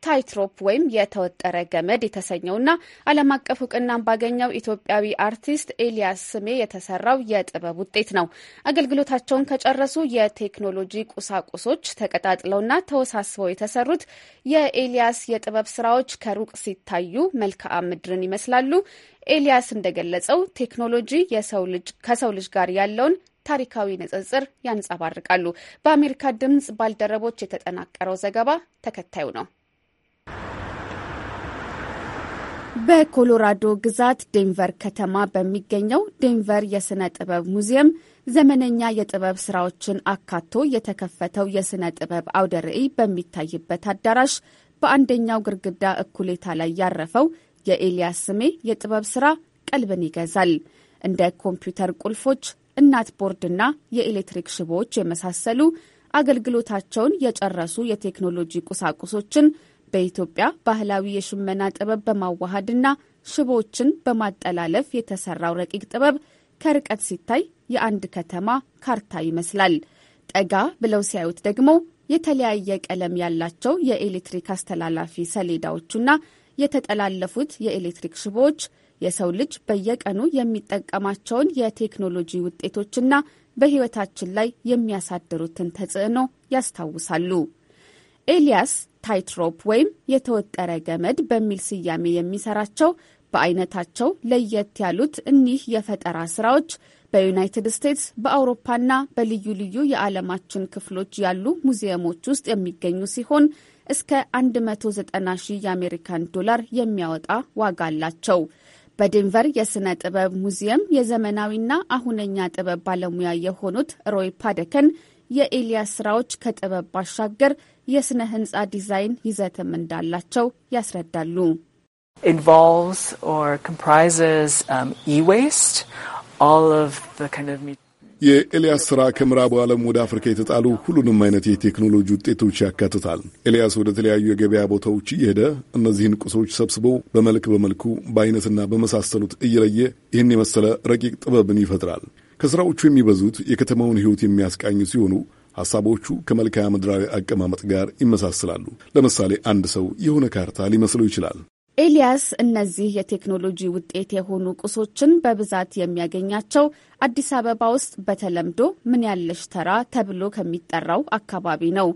ታይትሮፕ ወይም የተወጠረ ገመድ የተሰኘውና ዓለም አቀፍ እውቅናን ባገኘው ኢትዮጵያዊ አርቲስት ኤልያስ ስሜ የተሰራው የጥበብ ውጤት ነው። አገልግሎታቸውን ከጨረሱ የቴክኖሎጂ ቁሳቁሶች ተቀጣጥለውና ተወሳስበው የተሰሩት የኤልያስ የጥበብ ስራዎች ከሩቅ ሲታዩ መልክዓ ምድርን ይመስላሉ። ኤልያስ እንደገለጸው ቴክኖሎጂ ከሰው ልጅ ጋር ያለውን ታሪካዊ ንጽጽር ያንጸባርቃሉ። በአሜሪካ ድምፅ ባልደረቦች የተጠናቀረው ዘገባ ተከታዩ ነው። በኮሎራዶ ግዛት ዴንቨር ከተማ በሚገኘው ዴንቨር የሥነ ጥበብ ሙዚየም ዘመነኛ የጥበብ ስራዎችን አካቶ የተከፈተው የሥነ ጥበብ አውደ ርዕይ በሚታይበት አዳራሽ በአንደኛው ግድግዳ እኩሌታ ላይ ያረፈው የኤልያስ ስሜ የጥበብ ሥራ ቀልብን ይገዛል። እንደ ኮምፒውተር ቁልፎች፣ እናት ቦርድና የኤሌክትሪክ ሽቦዎች የመሳሰሉ አገልግሎታቸውን የጨረሱ የቴክኖሎጂ ቁሳቁሶችን በኢትዮጵያ ባህላዊ የሽመና ጥበብ በማዋሃድና ሽቦዎችን በማጠላለፍ የተሰራው ረቂቅ ጥበብ ከርቀት ሲታይ የአንድ ከተማ ካርታ ይመስላል። ጠጋ ብለው ሲያዩት ደግሞ የተለያየ ቀለም ያላቸው የኤሌክትሪክ አስተላላፊ ሰሌዳዎቹና የተጠላለፉት የኤሌክትሪክ ሽቦዎች የሰው ልጅ በየቀኑ የሚጠቀማቸውን የቴክኖሎጂ ውጤቶችና በሕይወታችን ላይ የሚያሳድሩትን ተጽዕኖ ያስታውሳሉ። ኤልያስ ታይትሮፕ ወይም የተወጠረ ገመድ በሚል ስያሜ የሚሰራቸው በአይነታቸው ለየት ያሉት እኒህ የፈጠራ ስራዎች በዩናይትድ ስቴትስ በአውሮፓና በልዩ ልዩ የዓለማችን ክፍሎች ያሉ ሙዚየሞች ውስጥ የሚገኙ ሲሆን እስከ 190 ሺህ የአሜሪካን ዶላር የሚያወጣ ዋጋ አላቸው። በዴንቨር የሥነ ጥበብ ሙዚየም የዘመናዊና አሁነኛ ጥበብ ባለሙያ የሆኑት ሮይ ፓደከን የኤልያስ ስራዎች ከጥበብ ባሻገር የስነ ህንፃ ዲዛይን ይዘትም እንዳላቸው ያስረዳሉ። um, የኤልያስ ስራ ከምዕራቡ ዓለም ወደ አፍሪካ የተጣሉ ሁሉንም አይነት የቴክኖሎጂ ውጤቶች ያካትታል። ኤልያስ ወደ ተለያዩ የገበያ ቦታዎች እየሄደ እነዚህን ቁሶች ሰብስቦ በመልክ በመልኩ በአይነትና በመሳሰሉት እየለየ ይህን የመሰለ ረቂቅ ጥበብን ይፈጥራል። ከሥራዎቹ የሚበዙት የከተማውን ሕይወት የሚያስቃኙ ሲሆኑ ሐሳቦቹ ከመልክዓ ምድራዊ አቀማመጥ ጋር ይመሳስላሉ። ለምሳሌ አንድ ሰው የሆነ ካርታ ሊመስለው ይችላል። ኤልያስ እነዚህ የቴክኖሎጂ ውጤት የሆኑ ቁሶችን በብዛት የሚያገኛቸው አዲስ አበባ ውስጥ በተለምዶ ምን ያለሽ ተራ ተብሎ ከሚጠራው አካባቢ ነው።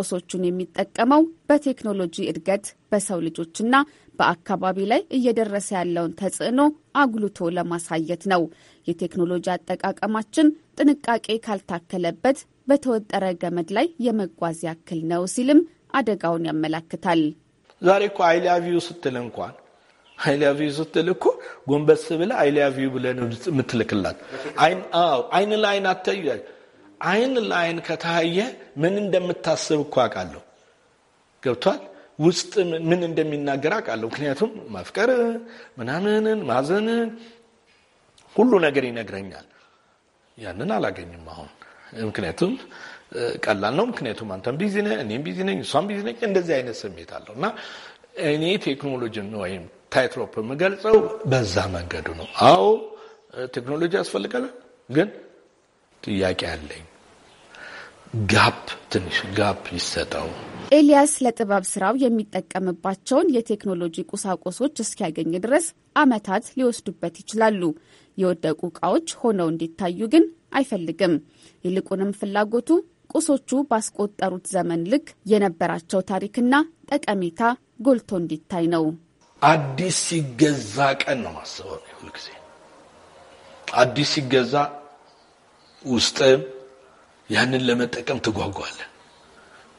ቁሶቹን የሚጠቀመው በቴክኖሎጂ እድገት በሰው ልጆችና በአካባቢ ላይ እየደረሰ ያለውን ተጽዕኖ አጉልቶ ለማሳየት ነው። የቴክኖሎጂ አጠቃቀማችን ጥንቃቄ ካልታከለበት በተወጠረ ገመድ ላይ የመጓዝ ያክል ነው ሲልም አደጋውን ያመላክታል። ዛሬ እኮ አይላቪዩ ስትል እንኳን አይላቪዩ ስትል እኮ ጎንበስ ብለ አይላቪዩ ብለ ነው የምትልክላት። አይን ላይን አተዩ አይን ላይን ከታየ ምን እንደምታስብ እኮ አውቃለሁ። ገብቷል ውስጥ ምን እንደሚናገር አውቃለሁ። ምክንያቱም መፍቀር ምናምንን ማዘንን ሁሉ ነገር ይነግረኛል። ያንን አላገኝም አሁን ምክንያቱም ቀላል ነው። ምክንያቱም አንተም ቢዚ ነህ፣ እኔም ቢዚ ነኝ፣ እሷም ቢዚ ነኝ። እንደዚህ አይነት ስሜት አለው እና እኔ ቴክኖሎጂን ወይም ታይትሮፕ የምገልጸው በዛ መንገዱ ነው። አዎ ቴክኖሎጂ ያስፈልጋል፣ ግን ጥያቄ አለኝ። ጋፕ ትንሽ ጋፕ ይሰጠው። ኤልያስ ለጥበብ ስራው የሚጠቀምባቸውን የቴክኖሎጂ ቁሳቁሶች እስኪያገኝ ድረስ አመታት ሊወስዱበት ይችላሉ። የወደቁ ዕቃዎች ሆነው እንዲታዩ ግን አይፈልግም። ይልቁንም ፍላጎቱ ቁሶቹ ባስቆጠሩት ዘመን ልክ የነበራቸው ታሪክና ጠቀሜታ ጎልቶ እንዲታይ ነው። አዲስ ሲገዛ ቀን ነው ማስበው ሁልጊዜ አዲስ ሲገዛ ውስጥም ያንን ለመጠቀም ትጓጓለ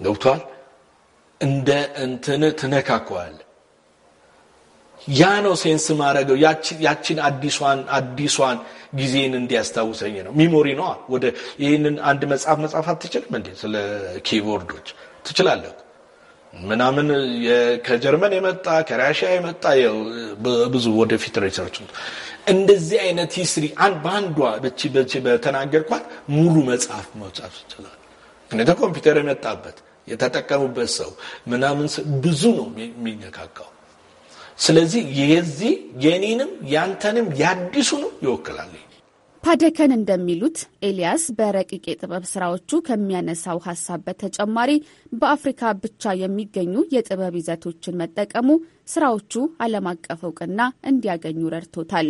ገብቷል። እንደ እንትን ትነካከዋል። ያ ነው ሴንስ ማድረገው። ያችን አዲሷን አዲሷን ጊዜን እንዲያስታውሰኝ ነው። ሚሞሪ ነው። ወደ ይህንን አንድ መጽሐፍ መጽሐፍ አትችልም እንዴ? ስለ ኪቦርዶች ትችላለህ ምናምን ከጀርመን የመጣ ከራሽያ የመጣ ብዙ ወደፊት ሪሰርች እንደዚህ አይነት ሂስትሪ አንድ በአንዷ በተናገርኳት ሙሉ መጽሐፍ መጽሐፍ ይችላል። ምክንያቱም ኮምፒውተር የመጣበት የተጠቀሙበት ሰው ምናምን ብዙ ነው የሚነካካው። ስለዚህ የዚህ የኔንም ያንተንም ነው ይወክላል። ፓደከን እንደሚሉት ኤልያስ በረቂቅ የጥበብ ስራዎቹ ከሚያነሳው ሀሳብ በተጨማሪ በአፍሪካ ብቻ የሚገኙ የጥበብ ይዘቶችን መጠቀሙ ስራዎቹ ዓለም አቀፍ እውቅና እንዲያገኙ ረድቶታል።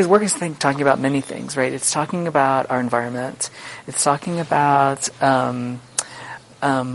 His work is think, talking about many things, right? It's talking about our environment. It's talking about um, Um,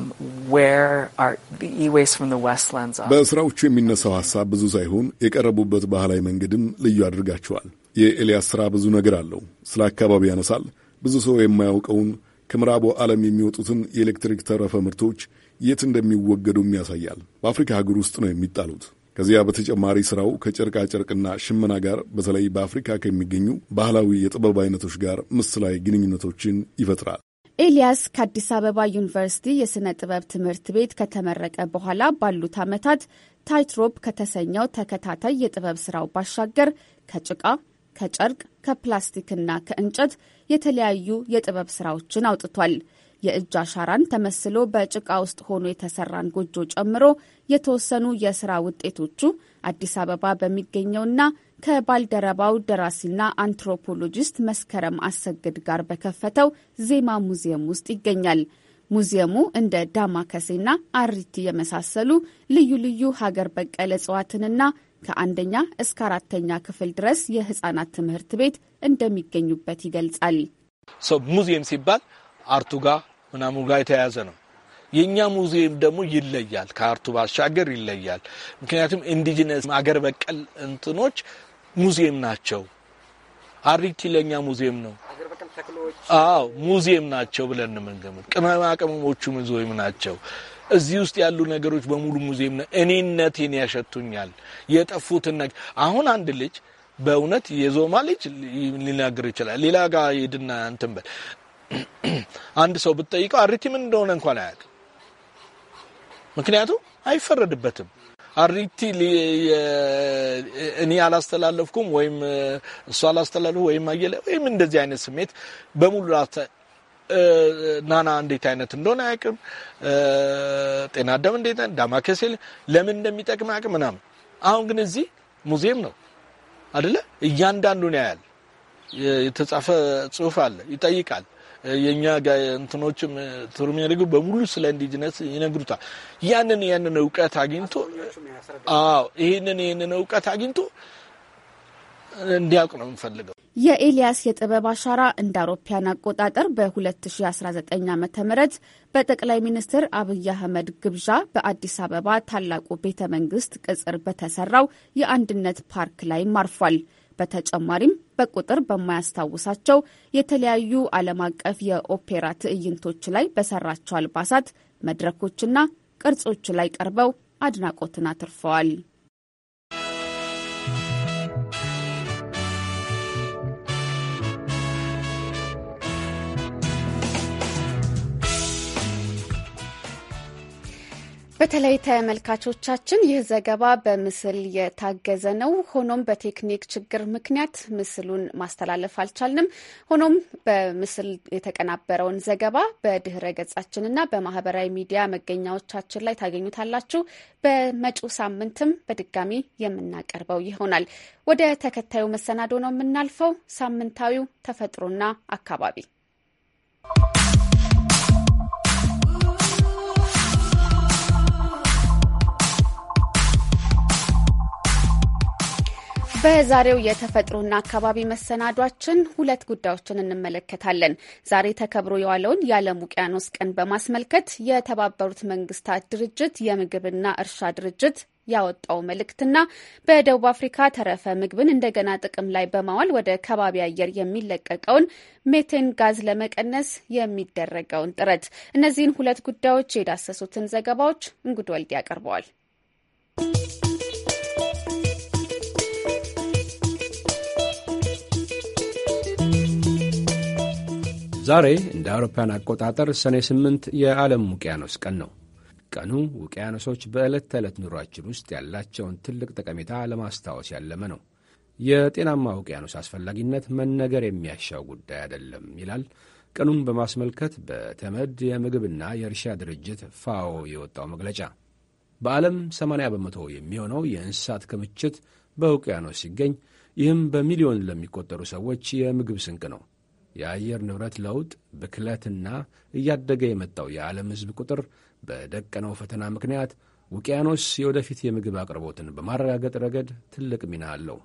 በስራዎቹ የሚነሳው ሀሳብ ብዙ ሳይሆን የቀረቡበት ባህላዊ መንገድም ልዩ አድርጋቸዋል። የኤልያስ ስራ ብዙ ነገር አለው። ስለ አካባቢ ያነሳል። ብዙ ሰው የማያውቀውን ከምዕራቡ ዓለም የሚወጡትን የኤሌክትሪክ ተረፈ ምርቶች የት እንደሚወገዱም ያሳያል። በአፍሪካ ሀገር ውስጥ ነው የሚጣሉት። ከዚያ በተጨማሪ ስራው ከጨርቃጨርቅና ሽመና ጋር በተለይ በአፍሪካ ከሚገኙ ባህላዊ የጥበብ አይነቶች ጋር ምስላዊ ግንኙነቶችን ይፈጥራል። ኤልያስ ከአዲስ አበባ ዩኒቨርሲቲ የሥነ ጥበብ ትምህርት ቤት ከተመረቀ በኋላ ባሉት ዓመታት ታይትሮፕ ከተሰኘው ተከታታይ የጥበብ ሥራው ባሻገር ከጭቃ፣ ከጨርቅ፣ ከፕላስቲክና ከእንጨት የተለያዩ የጥበብ ሥራዎችን አውጥቷል። የእጅ አሻራን ተመስሎ በጭቃ ውስጥ ሆኖ የተሰራን ጎጆ ጨምሮ የተወሰኑ የሥራ ውጤቶቹ አዲስ አበባ በሚገኘውና ከባልደረባው ደራሲና አንትሮፖሎጂስት መስከረም አሰግድ ጋር በከፈተው ዜማ ሙዚየም ውስጥ ይገኛል። ሙዚየሙ እንደ ዳማከሴና አሪቲ የመሳሰሉ ልዩ ልዩ ሀገር በቀል እጽዋትንና ከአንደኛ እስከ አራተኛ ክፍል ድረስ የህጻናት ትምህርት ቤት እንደሚገኙበት ይገልጻል። ሙዚየም ሲባል አርቱ ጋር ምናምኑ የተያያዘ ነው። የእኛ ሙዚየም ደግሞ ይለያል፣ ከአርቱ ባሻገር ይለያል። ምክንያቱም ኢንዲጂነስ አገር በቀል እንትኖች ሙዚየም ናቸው። አሪቲ ለእኛ ሙዚየም ነው። አዎ ሙዚየም ናቸው ብለን የምንገምት ቅመማ ቅመሞቹ ሙዚየም ናቸው። እዚህ ውስጥ ያሉ ነገሮች በሙሉ ሙዚየም ነው። እኔነቴን ያሸቱኛል። የጠፉትን ነገር አሁን አንድ ልጅ በእውነት የዞማ ልጅ ሊናገር ይችላል። ሌላ ጋር ሄድና እንትን በል አንድ ሰው ብትጠይቀው አሪቲ ምን እንደሆነ እንኳን አያውቅም። ምክንያቱም አይፈረድበትም። አሪቲ እኔ አላስተላለፍኩም ወይም እሱ አላስተላለፍ ወይም አየለ ወይም እንደዚህ አይነት ስሜት በሙሉ ናና እንዴት አይነት እንደሆነ አያውቅም። ጤና አዳም እንዴት ዳማከሴ ለምን እንደሚጠቅም አያውቅም ምናምን። አሁን ግን እዚህ ሙዚየም ነው አደለ? እያንዳንዱን ያያል። የተጻፈ ጽሁፍ አለ፣ ይጠይቃል የእኛ እንትኖችም ፕሪሚየር የሚያደርጉ በሙሉ ስለ ኢንዲጅነስ ይነግሩታል። ያንን ያንን እውቀት አግኝቶ አዎ ይህንን ይህንን እውቀት አግኝቶ እንዲያውቅ ነው የምፈልገው። የኤልያስ የጥበብ አሻራ እንደ አውሮፓያን አቆጣጠር በ2019 ዓ ም በጠቅላይ ሚኒስትር አብይ አህመድ ግብዣ በአዲስ አበባ ታላቁ ቤተ መንግስት ቅጽር በተሰራው የአንድነት ፓርክ ላይም አርፏል። በተጨማሪም በቁጥር በማያስታውሳቸው የተለያዩ ዓለም አቀፍ የኦፔራ ትዕይንቶች ላይ በሰራቸው አልባሳት፣ መድረኮችና ቅርጾች ላይ ቀርበው አድናቆትን አትርፈዋል። በተለይ ተመልካቾቻችን ይህ ዘገባ በምስል የታገዘ ነው። ሆኖም በቴክኒክ ችግር ምክንያት ምስሉን ማስተላለፍ አልቻልንም። ሆኖም በምስል የተቀናበረውን ዘገባ በድህረ ገጻችንና በማህበራዊ ሚዲያ መገኛዎቻችን ላይ ታገኙታላችሁ። በመጪው ሳምንትም በድጋሚ የምናቀርበው ይሆናል። ወደ ተከታዩ መሰናዶ ነው የምናልፈው። ሳምንታዊው ተፈጥሮና አካባቢ በዛሬው የተፈጥሮና አካባቢ መሰናዷችን ሁለት ጉዳዮችን እንመለከታለን። ዛሬ ተከብሮ የዋለውን የዓለም ውቅያኖስ ቀን በማስመልከት የተባበሩት መንግስታት ድርጅት የምግብና እርሻ ድርጅት ያወጣው መልእክትና በደቡብ አፍሪካ ተረፈ ምግብን እንደገና ጥቅም ላይ በማዋል ወደ ከባቢ አየር የሚለቀቀውን ሜቴን ጋዝ ለመቀነስ የሚደረገውን ጥረት፣ እነዚህን ሁለት ጉዳዮች የዳሰሱትን ዘገባዎች እንጉድ ወልድ ያቀርበዋል። ዛሬ እንደ አውሮፓውያን አቆጣጠር ሰኔ 8 የዓለም ውቅያኖስ ቀን ነው። ቀኑ ውቅያኖሶች በዕለት ተዕለት ኑሯችን ውስጥ ያላቸውን ትልቅ ጠቀሜታ ለማስታወስ ያለመ ነው። የጤናማ ውቅያኖስ አስፈላጊነት መነገር የሚያሻው ጉዳይ አይደለም ይላል ቀኑን በማስመልከት በተመድ የምግብና የእርሻ ድርጅት ፋኦ የወጣው መግለጫ። በዓለም 80 በመቶ የሚሆነው የእንስሳት ክምችት በውቅያኖስ ሲገኝ፣ ይህም በሚሊዮን ለሚቆጠሩ ሰዎች የምግብ ስንቅ ነው። የአየር ንብረት ለውጥ ብክለትና እያደገ የመጣው የዓለም ሕዝብ ቁጥር በደቀነው ፈተና ምክንያት ውቅያኖስ የወደፊት የምግብ አቅርቦትን በማረጋገጥ ረገድ ትልቅ ሚና አለው።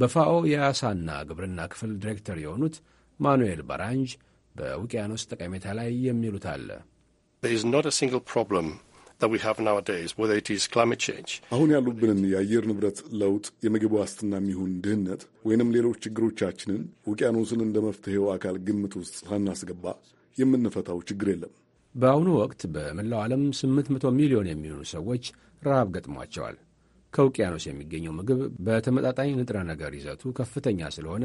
በፋኦ የአሳና ግብርና ክፍል ዲሬክተር የሆኑት ማኑኤል ባራንጅ በውቅያኖስ ጠቀሜታ ላይ የሚሉት አለ። አሁን ያሉብንን የአየር ንብረት ለውጥ፣ የምግብ ዋስትና የሚሆን ድህነት፣ ወይንም ሌሎች ችግሮቻችንን ውቅያኖስን እንደ መፍትሄው አካል ግምት ውስጥ ሳናስገባ የምንፈታው ችግር የለም። በአሁኑ ወቅት በመላው ዓለም 800 ሚሊዮን የሚሆኑ ሰዎች ረሃብ ገጥሟቸዋል። ከውቅያኖስ የሚገኘው ምግብ በተመጣጣኝ ንጥረ ነገር ይዘቱ ከፍተኛ ስለሆነ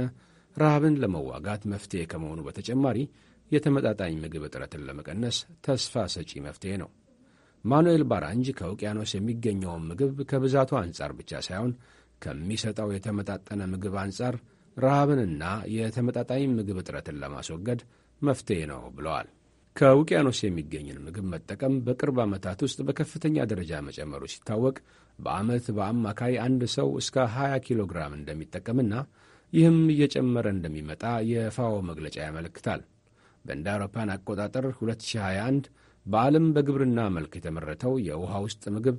ረሃብን ለመዋጋት መፍትሄ ከመሆኑ በተጨማሪ የተመጣጣኝ ምግብ እጥረትን ለመቀነስ ተስፋ ሰጪ መፍትሄ ነው። ማኑኤል ባራንጅ ከውቅያኖስ የሚገኘውን ምግብ ከብዛቱ አንጻር ብቻ ሳይሆን ከሚሰጠው የተመጣጠነ ምግብ አንጻር ረሃብንና የተመጣጣኝ ምግብ እጥረትን ለማስወገድ መፍትሄ ነው ብለዋል። ከውቅያኖስ የሚገኝን ምግብ መጠቀም በቅርብ ዓመታት ውስጥ በከፍተኛ ደረጃ መጨመሩ ሲታወቅ በዓመት በአማካይ አንድ ሰው እስከ 20 ኪሎ ግራም እንደሚጠቀምና ይህም እየጨመረ እንደሚመጣ የፋኦ መግለጫ ያመለክታል። በእንደ አውሮፓን አቆጣጠር 2021 በዓለም በግብርና መልክ የተመረተው የውሃ ውስጥ ምግብ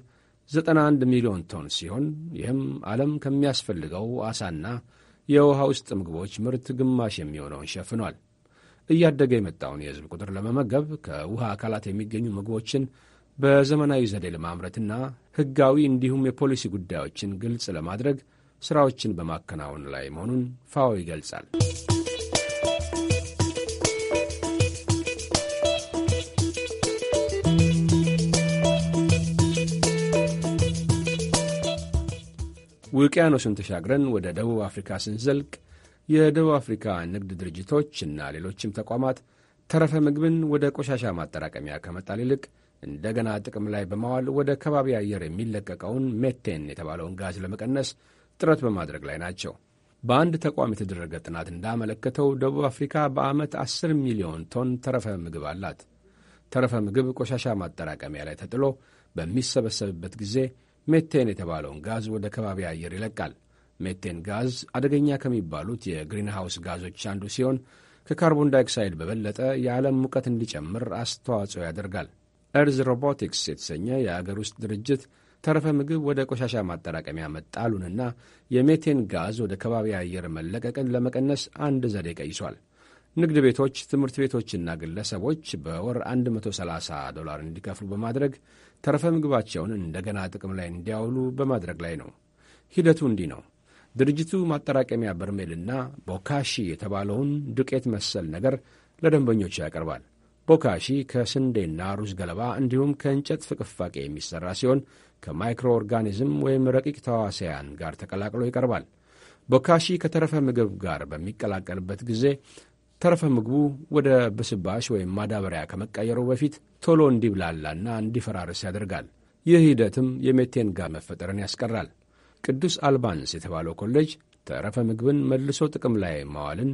91 ሚሊዮን ቶን ሲሆን ይህም ዓለም ከሚያስፈልገው አሳና የውሃ ውስጥ ምግቦች ምርት ግማሽ የሚሆነውን ሸፍኗል። እያደገ የመጣውን የሕዝብ ቁጥር ለመመገብ ከውሃ አካላት የሚገኙ ምግቦችን በዘመናዊ ዘዴ ለማምረትና ሕጋዊ እንዲሁም የፖሊሲ ጉዳዮችን ግልጽ ለማድረግ ሥራዎችን በማከናወን ላይ መሆኑን ፋኦ ይገልጻል። ውቅያኖስን ተሻግረን ወደ ደቡብ አፍሪካ ስንዘልቅ የደቡብ አፍሪካ ንግድ ድርጅቶች እና ሌሎችም ተቋማት ተረፈ ምግብን ወደ ቆሻሻ ማጠራቀሚያ ከመጣል ይልቅ እንደገና ጥቅም ላይ በማዋል ወደ ከባቢ አየር የሚለቀቀውን ሜቴን የተባለውን ጋዝ ለመቀነስ ጥረት በማድረግ ላይ ናቸው። በአንድ ተቋም የተደረገ ጥናት እንዳመለከተው ደቡብ አፍሪካ በዓመት 10 ሚሊዮን ቶን ተረፈ ምግብ አላት። ተረፈ ምግብ ቆሻሻ ማጠራቀሚያ ላይ ተጥሎ በሚሰበሰብበት ጊዜ ሜቴን የተባለውን ጋዝ ወደ ከባቢ አየር ይለቃል። ሜቴን ጋዝ አደገኛ ከሚባሉት የግሪንሃውስ ጋዞች አንዱ ሲሆን ከካርቦን ዳይኦክሳይድ በበለጠ የዓለም ሙቀት እንዲጨምር አስተዋጽኦ ያደርጋል። ኤርዝ ሮቦቲክስ የተሰኘ የአገር ውስጥ ድርጅት ተረፈ ምግብ ወደ ቆሻሻ ማጠራቀሚያ መጣሉንና የሜቴን ጋዝ ወደ ከባቢ አየር መለቀቅን ለመቀነስ አንድ ዘዴ ቀይሷል። ንግድ ቤቶች፣ ትምህርት ቤቶችና ግለሰቦች በወር 130 ዶላር እንዲከፍሉ በማድረግ ተረፈ ምግባቸውን እንደገና ጥቅም ላይ እንዲያውሉ በማድረግ ላይ ነው። ሂደቱ እንዲህ ነው። ድርጅቱ ማጠራቀሚያ በርሜልና ቦካሺ የተባለውን ዱቄት መሰል ነገር ለደንበኞቹ ያቀርባል። ቦካሺ ከስንዴና ሩዝ ገለባ እንዲሁም ከእንጨት ፍቅፋቄ የሚሠራ ሲሆን ከማይክሮ ኦርጋኒዝም ወይም ረቂቅ ተዋሳያን ጋር ተቀላቅሎ ይቀርባል። ቦካሺ ከተረፈ ምግብ ጋር በሚቀላቀልበት ጊዜ ተረፈ ምግቡ ወደ ብስባሽ ወይም ማዳበሪያ ከመቀየሩ በፊት ቶሎ እንዲብላላና እንዲፈራርስ ያደርጋል። ይህ ሂደትም የሜቴን ጋዝ መፈጠርን ያስቀራል። ቅዱስ አልባንስ የተባለው ኮሌጅ ተረፈ ምግብን መልሶ ጥቅም ላይ ማዋልን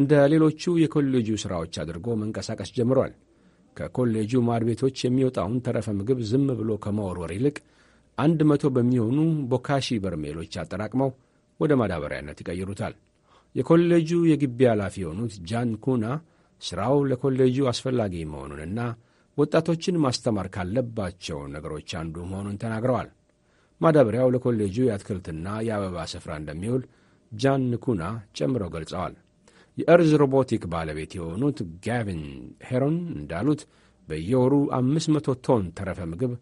እንደ ሌሎቹ የኮሌጁ ሥራዎች አድርጎ መንቀሳቀስ ጀምሯል። ከኮሌጁ ማድ ቤቶች የሚወጣውን ተረፈ ምግብ ዝም ብሎ ከመወርወር ይልቅ አንድ መቶ በሚሆኑ ቦካሺ በርሜሎች አጠራቅመው ወደ ማዳበሪያነት ይቀይሩታል። የኮሌጁ የግቢ ኃላፊ የሆኑት ጃን ኩና ሥራው ለኮሌጁ አስፈላጊ መሆኑንና ወጣቶችን ማስተማር ካለባቸው ነገሮች አንዱ መሆኑን ተናግረዋል። ማዳበሪያው ለኮሌጁ የአትክልትና የአበባ ስፍራ እንደሚውል ጃን ንኩና ጨምረው ገልጸዋል። የእርዝ ሮቦቲክ ባለቤት የሆኑት ጋቪን ሄሮን እንዳሉት በየወሩ 500 ቶን ተረፈ ምግብ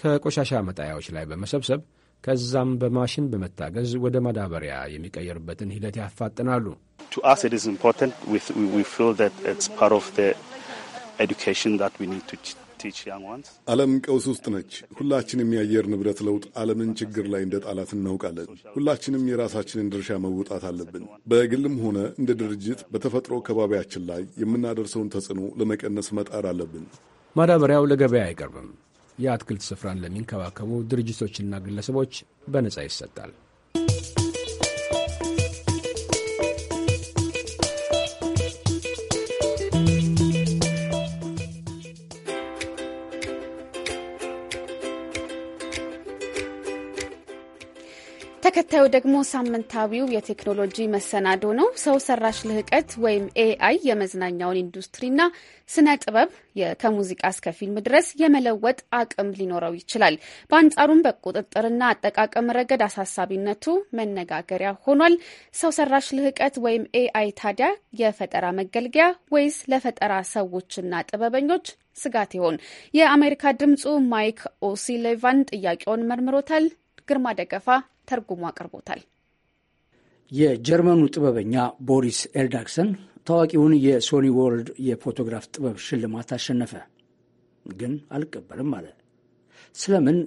ከቆሻሻ መጣያዎች ላይ በመሰብሰብ ከዛም በማሽን በመታገዝ ወደ ማዳበሪያ የሚቀየርበትን ሂደት ያፋጥናሉ። ዓለም ቀውስ ውስጥ ነች። ሁላችንም የአየር ንብረት ለውጥ ዓለምን ችግር ላይ እንደ ጣላት እናውቃለን። ሁላችንም የራሳችንን ድርሻ መወጣት አለብን። በግልም ሆነ እንደ ድርጅት በተፈጥሮ ከባቢያችን ላይ የምናደርሰውን ተጽዕኖ ለመቀነስ መጣር አለብን። ማዳበሪያው ለገበያ አይቀርብም። የአትክልት ስፍራን ለሚንከባከቡ ድርጅቶችና ግለሰቦች በነጻ ይሰጣል። ተከታዩ ደግሞ ሳምንታዊው የቴክኖሎጂ መሰናዶ ነው። ሰው ሰራሽ ልህቀት ወይም ኤአይ የመዝናኛውን ኢንዱስትሪና ስነ ጥበብ ከሙዚቃ እስከ ፊልም ድረስ የመለወጥ አቅም ሊኖረው ይችላል። በአንጻሩም በቁጥጥርና አጠቃቀም ረገድ አሳሳቢነቱ መነጋገሪያ ሆኗል። ሰው ሰራሽ ልህቀት ወይም ኤአይ ታዲያ የፈጠራ መገልገያ ወይስ ለፈጠራ ሰዎችና ጥበበኞች ስጋት ይሆን? የአሜሪካ ድምጹ ማይክ ኦሲሌቫን ጥያቄውን መርምሮታል። ግርማ ደገፋ ተርጉሞ አቅርቦታል። የጀርመኑ ጥበበኛ ቦሪስ ኤርዳክሰን ታዋቂውን የሶኒ ወርልድ የፎቶግራፍ ጥበብ ሽልማት አሸነፈ። ግን አልቀበልም አለ። ስለምን?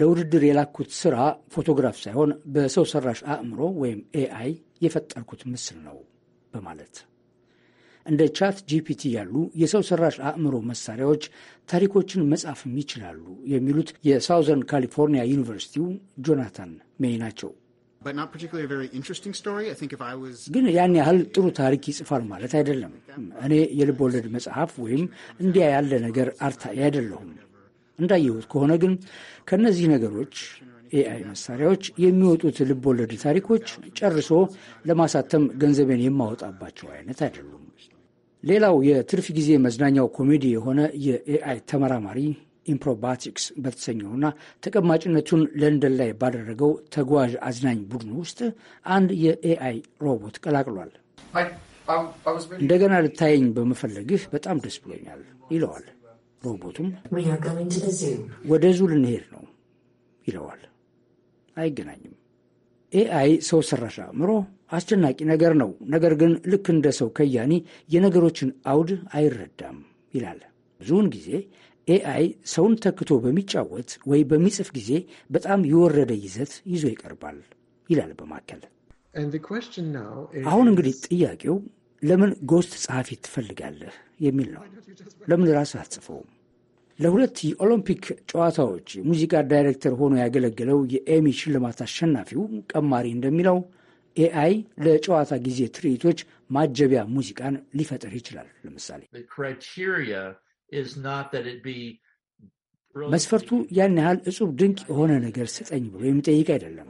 ለውድድር የላኩት ስራ ፎቶግራፍ ሳይሆን በሰው ሰራሽ አእምሮ ወይም ኤአይ የፈጠርኩት ምስል ነው በማለት እንደ ቻት ጂፒቲ ያሉ የሰው ሰራሽ አእምሮ መሳሪያዎች ታሪኮችን መጻፍም ይችላሉ የሚሉት የሳውዘርን ካሊፎርኒያ ዩኒቨርሲቲው ጆናታን ሜይ ናቸው። ግን ያን ያህል ጥሩ ታሪክ ይጽፋል ማለት አይደለም። እኔ የልብ ወለድ መጽሐፍ ወይም እንዲያ ያለ ነገር አርታኢ አይደለሁም። እንዳየሁት ከሆነ ግን ከእነዚህ ነገሮች ኤአይ መሳሪያዎች የሚወጡት ልብ ወለድ ታሪኮች ጨርሶ ለማሳተም ገንዘቤን የማወጣባቸው አይነት አይደሉም። ሌላው የትርፍ ጊዜ መዝናኛው ኮሜዲ የሆነ የኤአይ ተመራማሪ ኢምፕሮባቲክስ በተሰኘውና ተቀማጭነቱን ለንደን ላይ ባደረገው ተጓዥ አዝናኝ ቡድን ውስጥ አንድ የኤአይ ሮቦት ቀላቅሏል። እንደገና ልታየኝ በመፈለግህ በጣም ደስ ብሎኛል ይለዋል። ሮቦቱም ወደ ዙ ልንሄድ ነው ይለዋል። አይገናኝም። ኤአይ ሰው ሰራሽ አእምሮ አስደናቂ ነገር ነው። ነገር ግን ልክ እንደ ሰው ከያኒ የነገሮችን አውድ አይረዳም ይላል። ብዙውን ጊዜ ኤአይ ሰውን ተክቶ በሚጫወት ወይ በሚጽፍ ጊዜ በጣም የወረደ ይዘት ይዞ ይቀርባል ይላል በማከል። አሁን እንግዲህ ጥያቄው ለምን ጎስት ጸሐፊ ትፈልጋለህ የሚል ነው። ለምን ራስህ አትጽፈውም? ለሁለት የኦሎምፒክ ጨዋታዎች ሙዚቃ ዳይሬክተር ሆኖ ያገለገለው የኤሚ ሽልማት አሸናፊው ቀማሪ እንደሚለው ኤአይ ለጨዋታ ጊዜ ትርኢቶች ማጀቢያ ሙዚቃን ሊፈጥር ይችላል። ለምሳሌ መስፈርቱ ያን ያህል እጹብ ድንቅ የሆነ ነገር ስጠኝ ብሎ የሚጠይቅ አይደለም።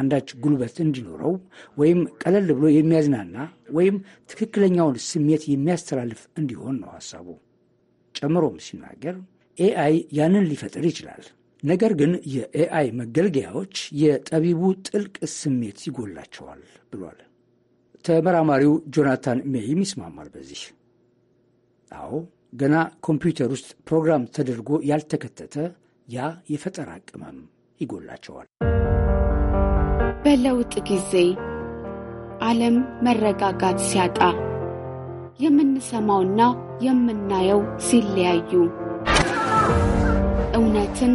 አንዳች ጉልበት እንዲኖረው ወይም ቀለል ብሎ የሚያዝናና ወይም ትክክለኛውን ስሜት የሚያስተላልፍ እንዲሆን ነው ሐሳቡ። ጨምሮም ሲናገር ኤአይ ያንን ሊፈጥር ይችላል። ነገር ግን የኤአይ መገልገያዎች የጠቢቡ ጥልቅ ስሜት ይጎላቸዋል ብሏል። ተመራማሪው ጆናታን ሜይም ይስማማል በዚህ። አዎ ገና ኮምፒውተር ውስጥ ፕሮግራም ተደርጎ ያልተከተተ ያ የፈጠራ ቅመም ይጎላቸዋል። በለውጥ ጊዜ ዓለም መረጋጋት ሲያጣ የምንሰማውና የምናየው ሲለያዩ እውነትን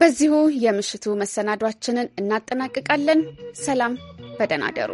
በዚሁ የምሽቱ መሰናዷችንን እናጠናቅቃለን። ሰላም፣ በደህና ደሩ።